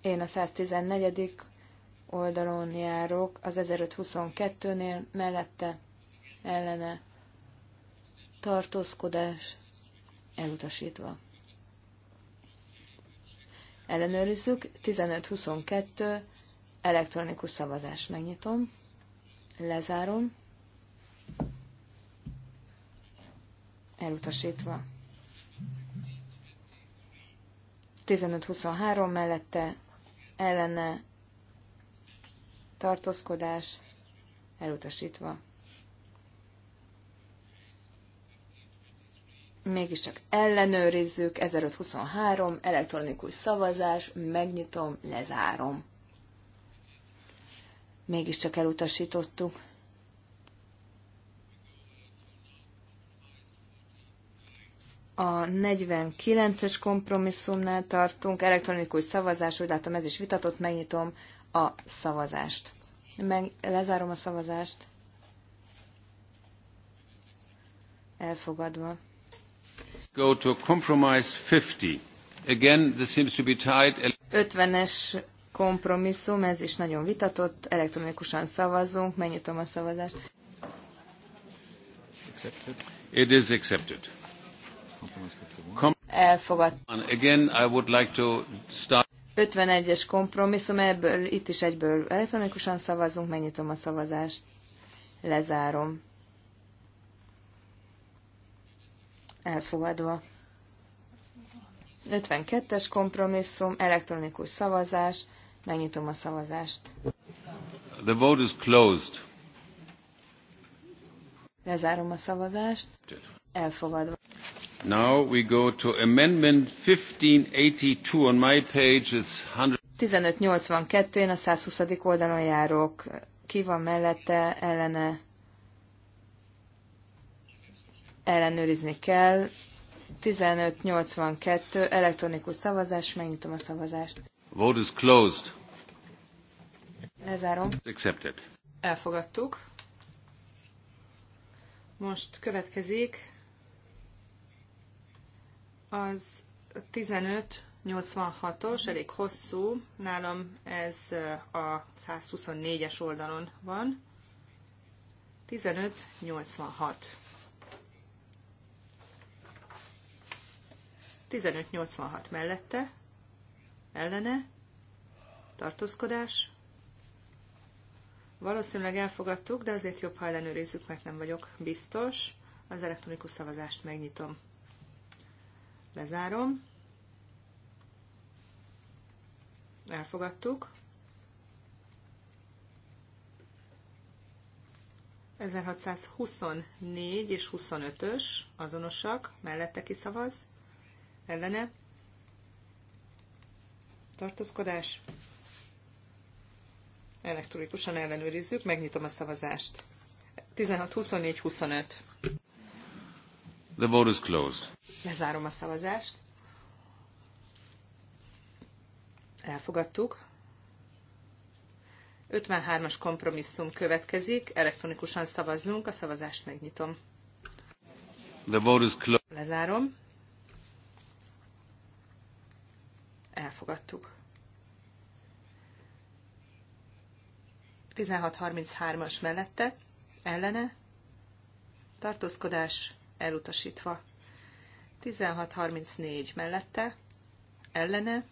Én a 114. oldalon járok, az 1522-nél mellette ellene tartózkodás elutasítva ellenőrizzük. 15-22 elektronikus szavazás. Megnyitom, lezárom, elutasítva. 15-23 mellette ellene tartózkodás elutasítva. mégiscsak ellenőrizzük, 1523, elektronikus szavazás, megnyitom, lezárom. Mégiscsak elutasítottuk. A 49-es kompromisszumnál tartunk, elektronikus szavazás, úgy látom ez is vitatott, megnyitom a szavazást. Meg, lezárom a szavazást. Elfogadva. 50. es kompromisszum, ez is nagyon vitatott, elektronikusan szavazunk, megnyitom a szavazást. It is accepted. Elfogad. Again, I would like to start. 51-es kompromisszum, ebből itt is egyből elektronikusan szavazunk, megnyitom a szavazást, lezárom. elfogadva. 52-es kompromisszum, elektronikus szavazás, megnyitom a szavazást. The vote is closed. Lezárom a szavazást. Elfogadva. Now we go to amendment 1582 on my page. It's 100... 1582, én a 120. oldalon járok. Ki van mellette, ellene ellenőrizni kell. 1582 elektronikus szavazás, megnyitom a szavazást. Vote is closed. Lezárom. Accepted. Elfogadtuk. Most következik az 1586-os, elég hosszú, nálam ez a 124-es oldalon van. 1586. 1586 mellette, ellene, tartózkodás. Valószínűleg elfogadtuk, de azért jobb, ha ellenőrizzük, mert nem vagyok biztos. Az elektronikus szavazást megnyitom. Lezárom. Elfogadtuk. 1624 és 25-ös azonosak, mellette kiszavaz, ellene, tartózkodás, elektronikusan ellenőrizzük, megnyitom a szavazást. 16-24-25. The vote is closed. Lezárom a szavazást. Elfogadtuk. 53-as kompromisszum következik, elektronikusan szavazzunk, a szavazást megnyitom. The vote is closed. Lezárom. elfogadtuk. 1633-as mellette, ellene, tartózkodás elutasítva. 1634 mellette, ellene,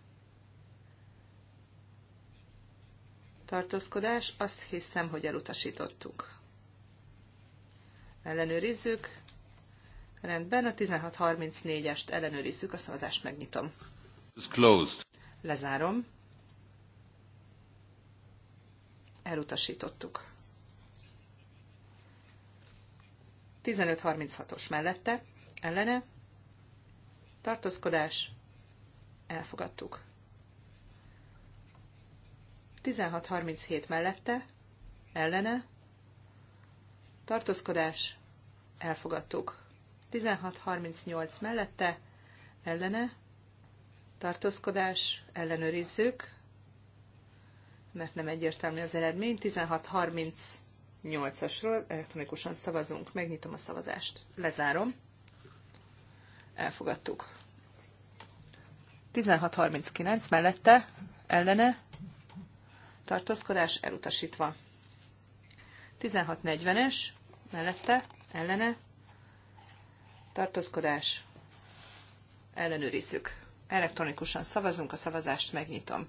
tartózkodás, azt hiszem, hogy elutasítottuk. Ellenőrizzük. Rendben, a 1634-est ellenőrizzük, a szavazást megnyitom. Lezárom. Elutasítottuk. 15.36-os mellette, ellene, tartózkodás, elfogadtuk. 16.37 mellette, ellene, tartózkodás, elfogadtuk. 16.38 mellette, ellene, tartózkodás, ellenőrizzük, mert nem egyértelmű az eredmény. 16.38-asról elektronikusan szavazunk. Megnyitom a szavazást. Lezárom. Elfogadtuk. 16.39 mellette, ellene, tartózkodás elutasítva. 16.40-es mellette, ellene, tartózkodás, ellenőrizzük. Elektronikusan szavazunk, a szavazást megnyitom.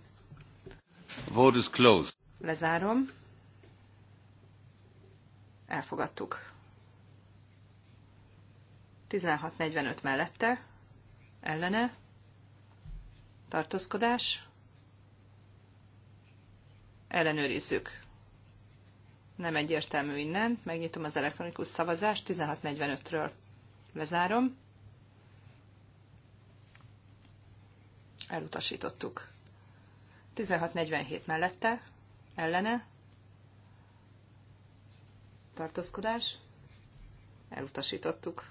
Vote is closed. Lezárom. Elfogadtuk. 16.45 mellette, ellene, tartózkodás, ellenőrizzük. Nem egyértelmű innen, megnyitom az elektronikus szavazást 16.45-ről. Lezárom. Elutasítottuk. 1647 mellette, ellene, tartózkodás, elutasítottuk.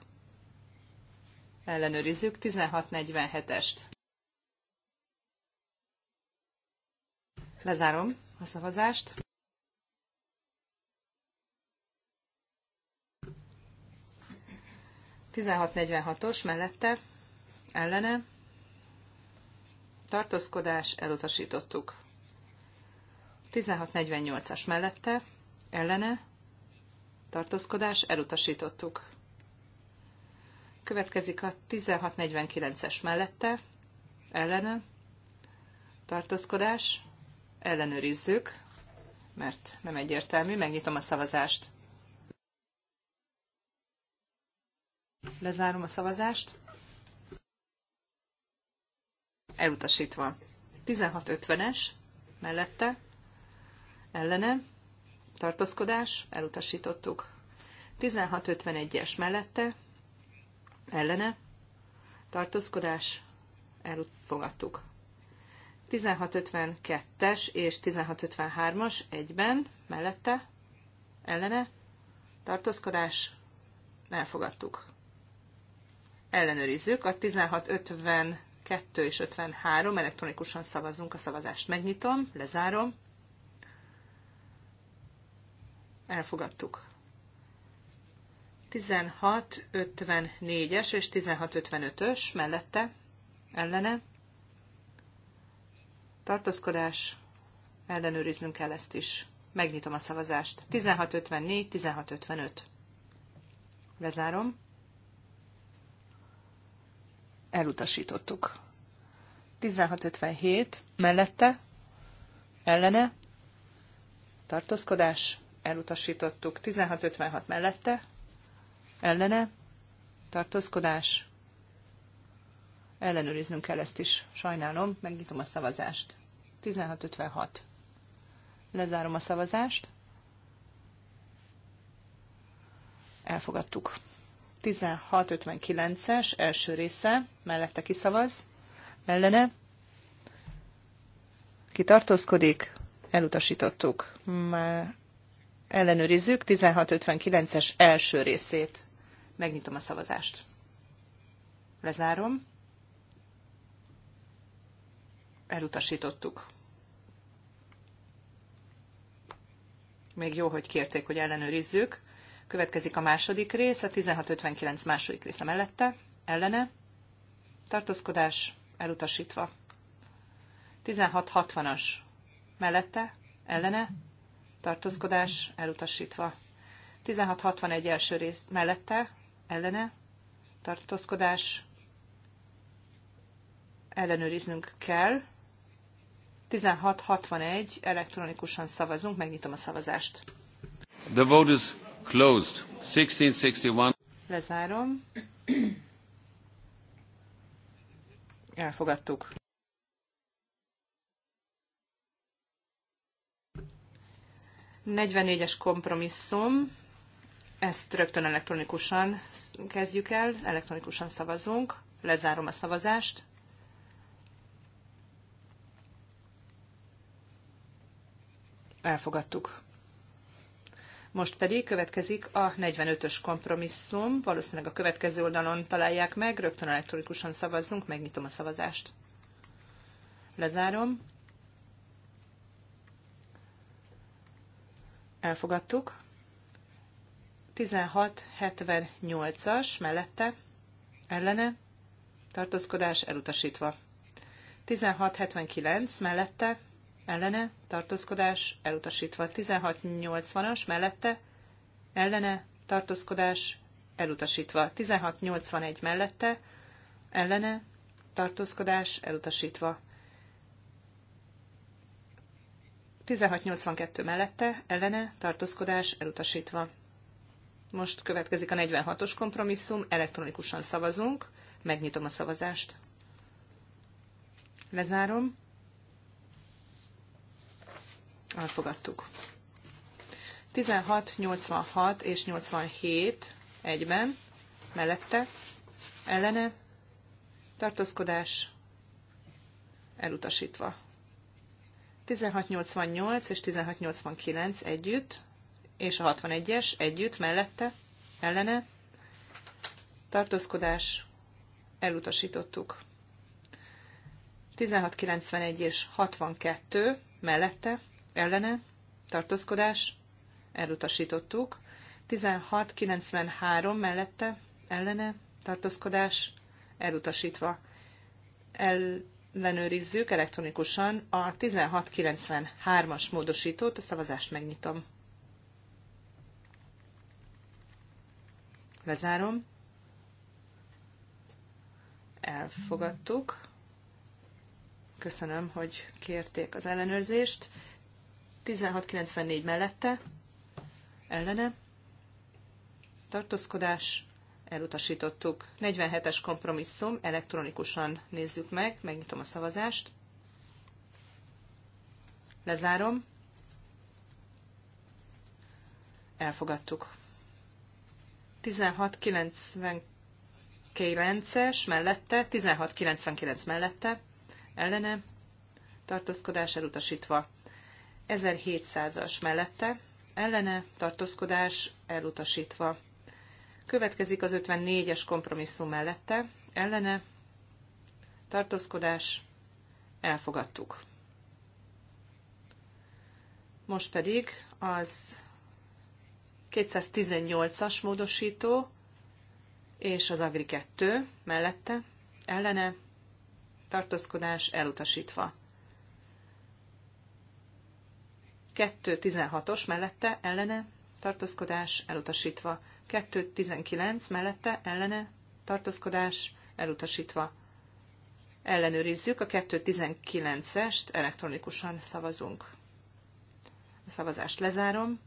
Ellenőrizzük 1647-est. Lezárom a szavazást. Tizenhat negyvenhatos mellette, ellene, tartózkodás, elutasítottuk. 1648-as mellette, ellene, tartózkodás, elutasítottuk. Következik a 1649-es mellette, ellene, tartózkodás, ellenőrizzük, mert nem egyértelmű, megnyitom a szavazást. Lezárom a szavazást elutasítva. 16.50-es mellette, ellene, tartózkodás, elutasítottuk. 16.51-es mellette, ellene, tartózkodás, elfogadtuk. 16.52-es és 16.53-as egyben, mellette, ellene, tartózkodás, elfogadtuk. Ellenőrizzük a 16.50 52 és 53, elektronikusan szavazunk, a szavazást megnyitom, lezárom. Elfogadtuk. 1654-es és 1655-ös mellette, ellene. Tartózkodás, ellenőriznünk kell ezt is. Megnyitom a szavazást. 1654, 1655. Lezárom elutasítottuk. 1657 mellette, ellene, tartózkodás, elutasítottuk. 1656 mellette, ellene, tartózkodás, ellenőriznünk kell ezt is, sajnálom, megnyitom a szavazást. 1656. Lezárom a szavazást. Elfogadtuk. 1659-es első része, mellette kiszavaz, ellene, kitartózkodik, elutasítottuk. Már ellenőrizzük 1659-es első részét. Megnyitom a szavazást. Lezárom. Elutasítottuk. Még jó, hogy kérték, hogy ellenőrizzük. Következik a második rész, a 1659 második része mellette, ellene, tartózkodás elutasítva. 1660-as mellette, ellene, tartózkodás elutasítva. 1661 első rész mellette, ellene, tartózkodás ellenőriznünk kell. 1661 elektronikusan szavazunk, megnyitom a szavazást. The vote is Closed. 1661. Lezárom. Elfogadtuk. es kompromisszum. Ezt rögtön elektronikusan kezdjük el. Elektronikusan szavazunk. Lezárom a szavazást. Elfogadtuk. Most pedig következik a 45-ös kompromisszum, valószínűleg a következő oldalon találják meg, rögtön elektronikusan szavazzunk, megnyitom a szavazást. Lezárom. Elfogadtuk. 1678-as mellette, ellene, tartózkodás elutasítva. 1679 mellette, ellene, tartózkodás elutasítva. 1680-as mellette, ellene, tartózkodás elutasítva. 1681 mellette, ellene, tartózkodás elutasítva. 1682 mellette, ellene, tartózkodás elutasítva. Most következik a 46-os kompromisszum, elektronikusan szavazunk, megnyitom a szavazást. Lezárom. Elfogadtuk. 16, 86 és 87 egyben, mellette, ellene, tartózkodás, elutasítva. 1688 és 1689 együtt, és a 61-es együtt, mellette, ellene, tartózkodás, elutasítottuk. 1691 és 62 mellette, ellene, tartózkodás, elutasítottuk. 1693 mellette, ellene, tartózkodás, elutasítva. Ellenőrizzük elektronikusan a 1693-as módosítót, a szavazást megnyitom. Lezárom. Elfogadtuk. Köszönöm, hogy kérték az ellenőrzést. 1694 mellette, ellene, tartózkodás, elutasítottuk. 47-es kompromisszum, elektronikusan nézzük meg, megnyitom a szavazást. Lezárom. Elfogadtuk. 1699-es mellette, 1699 mellette, ellene, tartózkodás elutasítva. 1700-as mellette, ellene tartózkodás elutasítva. Következik az 54-es kompromisszum mellette, ellene tartózkodás elfogadtuk. Most pedig az 218-as módosító és az Agri 2 mellette, ellene tartózkodás elutasítva. 2.16-os mellette ellene tartózkodás elutasítva. 2.19 mellette ellene tartózkodás elutasítva. Ellenőrizzük a 2.19-est, elektronikusan szavazunk. A szavazást lezárom.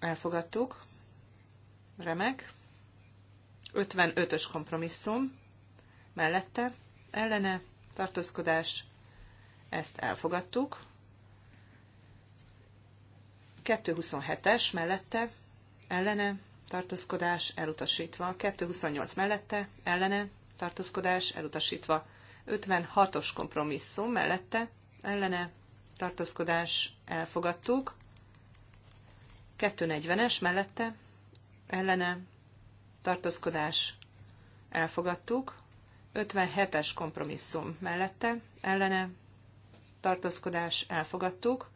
Elfogadtuk. Remek. 55-ös kompromisszum. Mellette ellene tartózkodás ezt elfogadtuk. 227-es mellette, ellene, tartózkodás elutasítva. 228 mellette, ellene, tartózkodás elutasítva. 56-os kompromisszum mellette, ellene, tartózkodás elfogadtuk. 240-es mellette, ellene, tartózkodás elfogadtuk. 57-es kompromisszum mellette, ellene, tartózkodás elfogadtuk,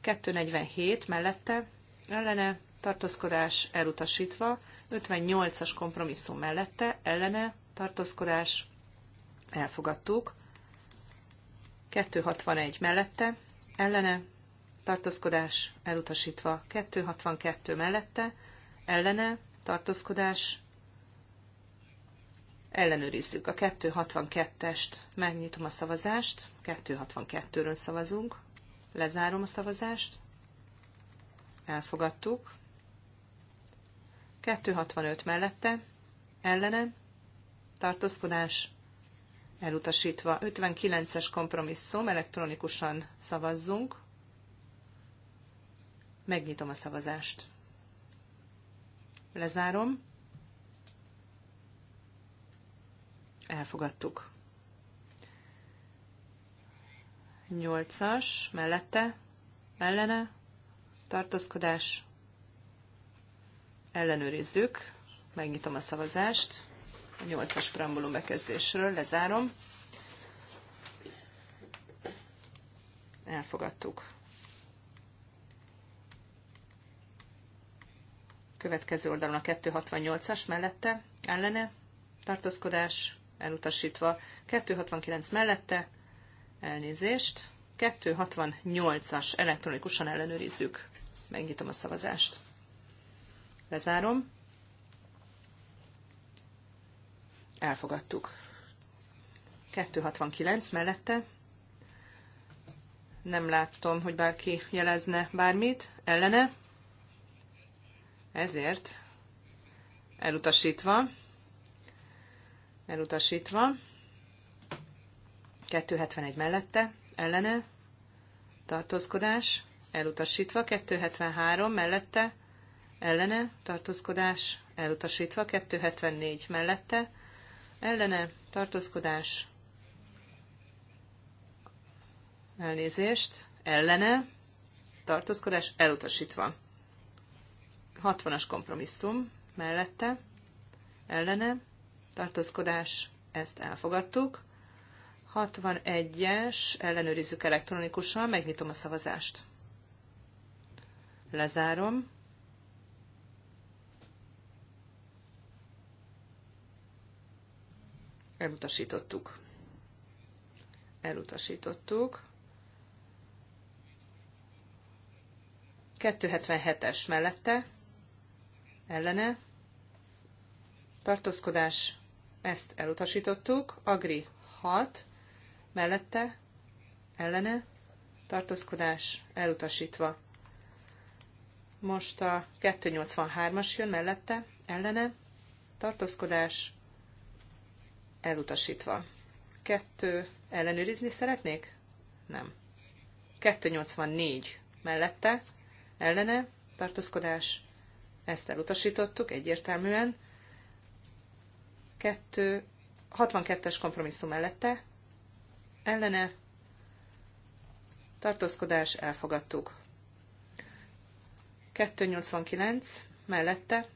247 mellette ellene tartózkodás elutasítva, 58-as kompromisszum mellette ellene tartózkodás elfogadtuk, 261 mellette ellene tartózkodás elutasítva, 262 mellette ellene tartózkodás ellenőrizzük a 262-est, megnyitom a szavazást, 262-ről szavazunk. Lezárom a szavazást. Elfogadtuk. 265 mellette, ellene, tartózkodás, elutasítva. 59-es kompromisszum, elektronikusan szavazzunk. Megnyitom a szavazást. Lezárom. Elfogadtuk. 8-as, mellette, ellene, tartózkodás, ellenőrizzük, megnyitom a szavazást, a 8-as bekezdésről lezárom, elfogadtuk. Következő oldalon a 268-as mellette, ellene, tartózkodás, elutasítva, 269 mellette, Elnézést. 268-as elektronikusan ellenőrizzük. Megnyitom a szavazást. Lezárom. Elfogadtuk. 269 mellette. Nem láttam, hogy bárki jelezne bármit ellene. Ezért elutasítva. Elutasítva. 271 mellette, ellene, tartózkodás, elutasítva, 273 mellette, ellene, tartózkodás, elutasítva, 274 mellette, ellene, tartózkodás, elnézést, ellene, tartózkodás, elutasítva. 60-as kompromisszum mellette, ellene, tartózkodás, ezt elfogadtuk. 61-es, ellenőrizzük elektronikusan, megnyitom a szavazást. Lezárom. Elutasítottuk. Elutasítottuk. 277-es mellette, ellene, tartózkodás, ezt elutasítottuk, Agri 6, mellette, ellene, tartózkodás elutasítva. Most a 283-as jön mellette, ellene, tartózkodás elutasítva. Kettő ellenőrizni szeretnék? Nem. 284 mellette, ellene, tartózkodás, ezt elutasítottuk egyértelműen. 2, 62-es kompromisszum mellette, ellene tartózkodás elfogadtuk. 289 mellette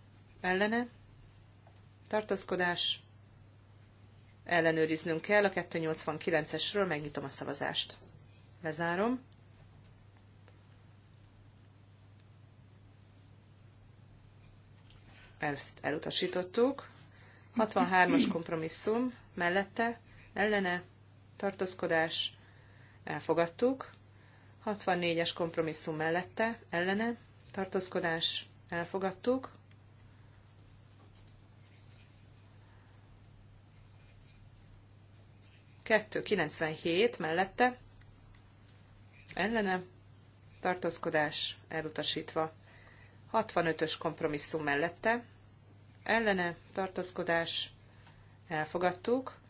ellene tartózkodás ellenőriznünk kell. A 289-esről megnyitom a szavazást. Lezárom. Ezt elutasítottuk. 63-as kompromisszum mellette, ellene, tartózkodás, elfogadtuk. 64-es kompromisszum mellette, ellene, tartózkodás, elfogadtuk. Kettő, 97 mellette, ellene, tartózkodás, elutasítva. 65-ös kompromisszum mellette, ellene, tartózkodás, elfogadtuk.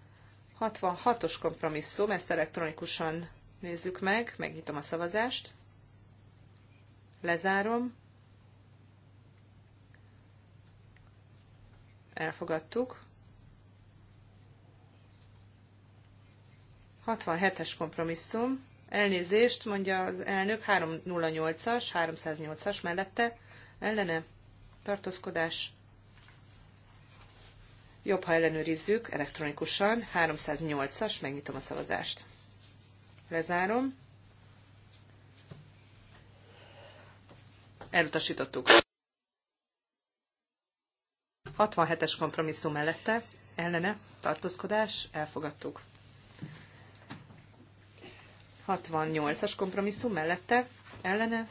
66-os kompromisszum, ezt elektronikusan nézzük meg, megnyitom a szavazást, lezárom, elfogadtuk. 67-es kompromisszum, elnézést, mondja az elnök, 308-as, 308-as mellette, ellene, tartózkodás, Jobb, ha ellenőrizzük elektronikusan. 308-as, megnyitom a szavazást. Lezárom. Elutasítottuk. 67-es kompromisszum mellette, ellene, tartózkodás, elfogadtuk. 68-as kompromisszum mellette, ellene,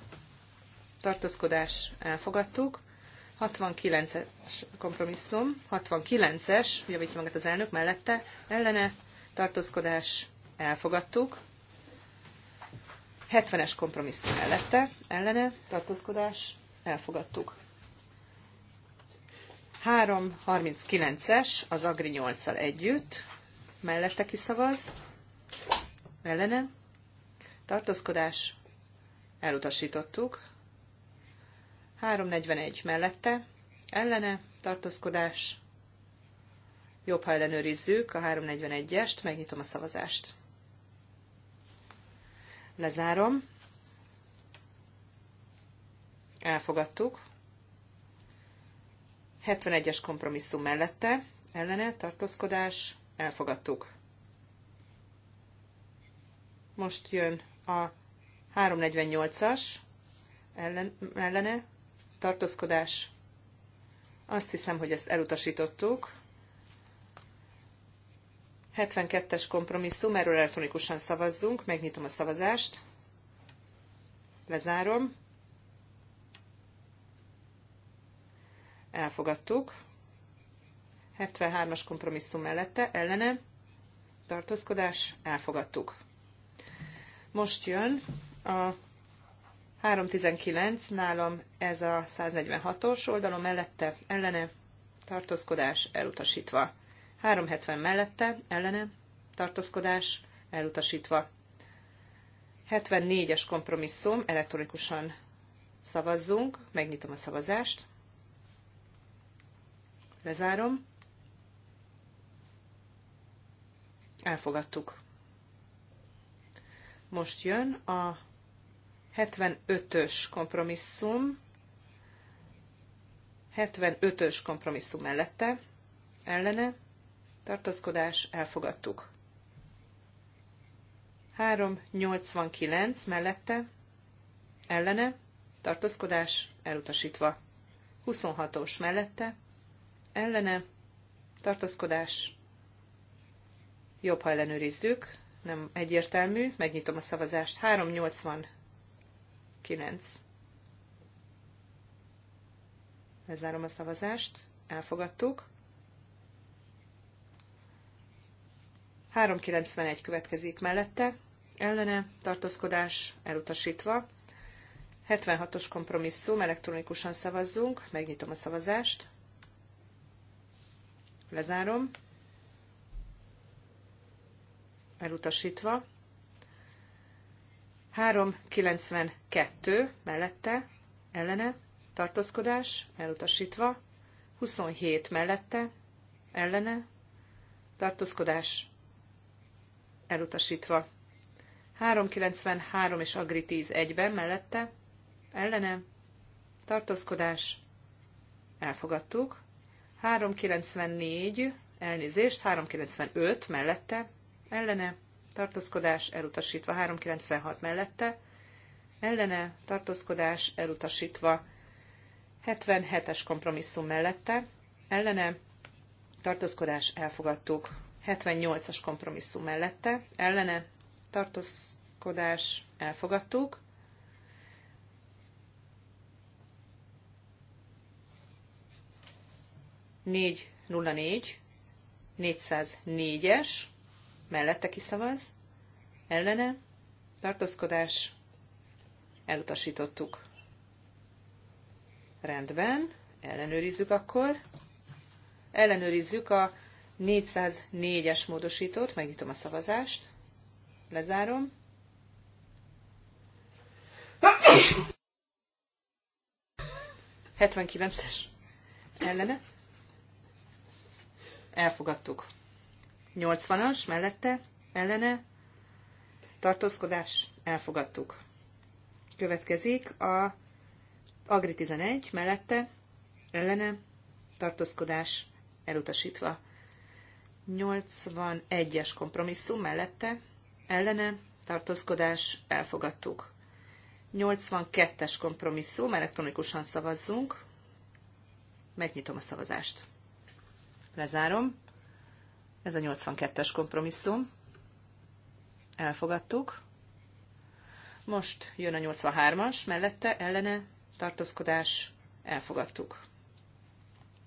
tartózkodás, elfogadtuk. 69-es kompromisszum, 69-es, javítja magát az elnök mellette, ellene, tartózkodás, elfogadtuk. 70-es kompromisszum mellette, ellene, tartózkodás, elfogadtuk. 339-es, az Agri 8 együtt, mellette kiszavaz, ellene, tartózkodás, elutasítottuk. 341 mellette, ellene, tartózkodás. Jobb, ha ellenőrizzük a 341-est, megnyitom a szavazást. Lezárom. Elfogadtuk. 71-es kompromisszum mellette, ellene, tartózkodás, elfogadtuk. Most jön a 348-as ellen, ellene, tartózkodás. Azt hiszem, hogy ezt elutasítottuk. 72-es kompromisszum, erről elektronikusan szavazzunk, megnyitom a szavazást, lezárom, elfogadtuk, 73-as kompromisszum mellette, ellene, tartózkodás, elfogadtuk. Most jön a 319, nálam ez a 146-os oldalon mellette ellene tartózkodás elutasítva. 370 mellette ellene tartózkodás elutasítva. 74-es kompromisszum, elektronikusan szavazzunk, megnyitom a szavazást, lezárom, elfogadtuk. Most jön a 75-ös kompromisszum, 75-ös kompromisszum mellette, ellene, tartózkodás, elfogadtuk. 389 mellette, ellene, tartózkodás, elutasítva. 26-os mellette, ellene, tartózkodás, jobb, ha ellenőrizzük, nem egyértelmű, megnyitom a szavazást, 380 9. Lezárom a szavazást. Elfogadtuk. 391 következik mellette. Ellene tartózkodás elutasítva. 76-os kompromisszum, elektronikusan szavazzunk. Megnyitom a szavazást. Lezárom. Elutasítva. 392 mellette, ellene, tartózkodás, elutasítva. 27 mellette, ellene, tartózkodás, elutasítva. 393 és Agri 10 egyben mellette, ellene, tartózkodás, elfogadtuk. 394, elnézést, 395 mellette, ellene, tartózkodás elutasítva 396 mellette, ellene tartózkodás elutasítva 77-es kompromisszum mellette, ellene tartózkodás elfogadtuk 78-as kompromisszum mellette, ellene tartózkodás elfogadtuk, négy nulla négy, 404-es, mellette kiszavaz, ellene, tartózkodás, elutasítottuk. Rendben, ellenőrizzük akkor. Ellenőrizzük a 404-es módosítót, megnyitom a szavazást, lezárom. Hetvenkilences ellene. Elfogadtuk. 80-as mellette, ellene, tartózkodás, elfogadtuk. Következik a Agri 11 mellette, ellene, tartózkodás, elutasítva. 81-es kompromisszum mellette, ellene, tartózkodás, elfogadtuk. 82-es kompromisszum, elektronikusan szavazzunk. Megnyitom a szavazást. Lezárom. Ez a 82-es kompromisszum. Elfogadtuk. Most jön a 83-as, mellette ellene tartózkodás. Elfogadtuk.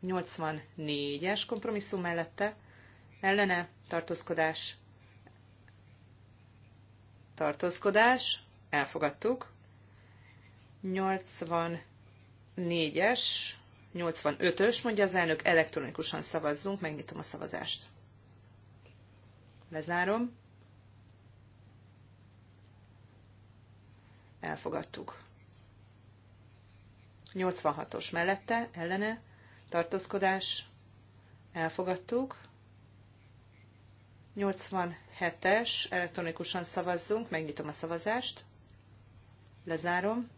84-es kompromisszum mellette ellene tartózkodás. Tartózkodás. Elfogadtuk. 84-es, 85-ös, mondja az elnök, elektronikusan szavazzunk, megnyitom a szavazást. Lezárom. Elfogadtuk. 86-os mellette, ellene, tartózkodás, elfogadtuk. 87-es, elektronikusan szavazzunk, megnyitom a szavazást, lezárom,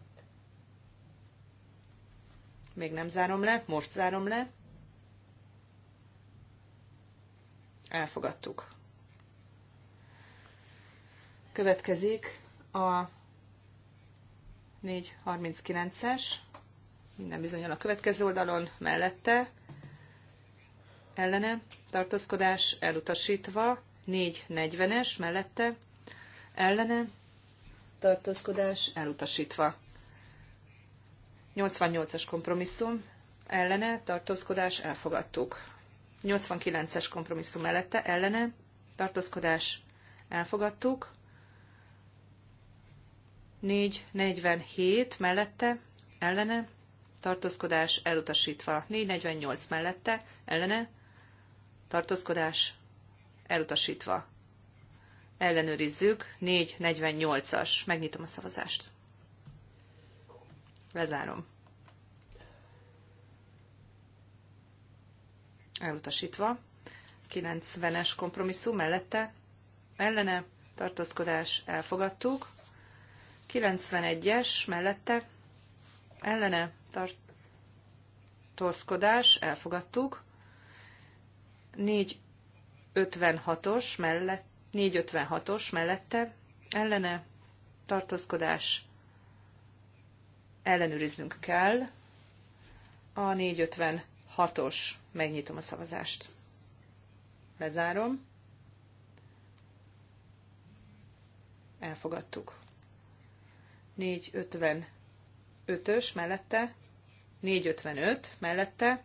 még nem zárom le, most zárom le, elfogadtuk. Következik a 439-es, minden bizonyal a következő oldalon, mellette, ellene, tartózkodás elutasítva, 440-es, mellette, ellene, tartózkodás elutasítva. 88-as kompromisszum, ellene, tartózkodás elfogadtuk. 89-es kompromisszum mellette, ellene, tartózkodás elfogadtuk. 447 mellette, ellene, tartózkodás elutasítva. 448 mellette, ellene, tartózkodás elutasítva. Ellenőrizzük, 448-as. Megnyitom a szavazást. Lezárom. Elutasítva. 90-es kompromisszum mellette, ellene, tartózkodás elfogadtuk. 91-es mellette ellene tartózkodás, elfogadtuk. 456-os mellett, 456-os mellette ellene tartózkodás ellenőriznünk kell. A 456-os, megnyitom a szavazást. Lezárom. Elfogadtuk. 455-ös mellette, 455 mellette,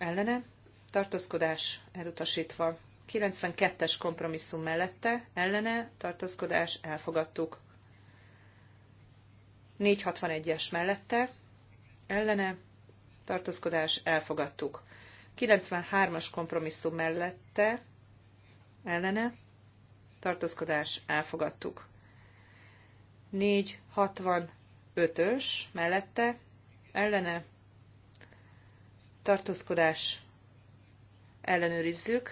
ellene, tartózkodás elutasítva. 92-es kompromisszum mellette, ellene, tartózkodás elfogadtuk. 461-es mellette, ellene, tartózkodás elfogadtuk. 93-as kompromisszum mellette, ellene, tartózkodás elfogadtuk. 465-ös mellette ellene tartózkodás ellenőrizzük.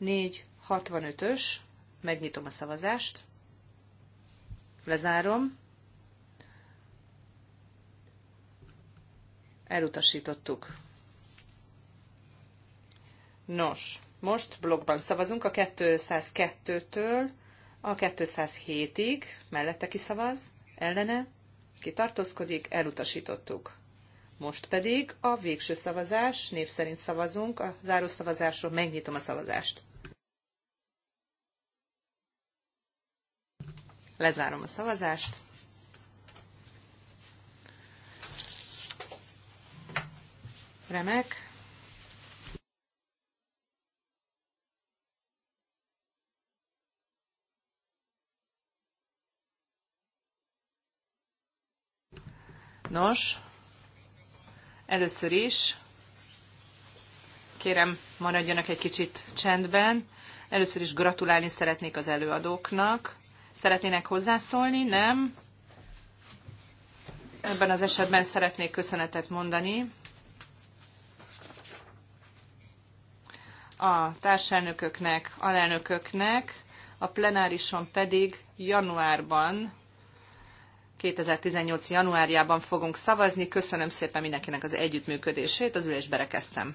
465-ös, megnyitom a szavazást, lezárom, elutasítottuk. Nos, most blogban szavazunk a 202-től a 207-ig mellette kiszavaz, ellene, kitartózkodik, elutasítottuk. Most pedig a végső szavazás, név szerint szavazunk, a záró szavazásról megnyitom a szavazást. Lezárom a szavazást. Remek. Nos, először is kérem, maradjanak egy kicsit csendben. Először is gratulálni szeretnék az előadóknak. Szeretnének hozzászólni, nem? Ebben az esetben szeretnék köszönetet mondani a társelnököknek, alelnököknek, a plenárison pedig januárban 2018. januárjában fogunk szavazni. Köszönöm szépen mindenkinek az együttműködését, az ülésbe rekeztem.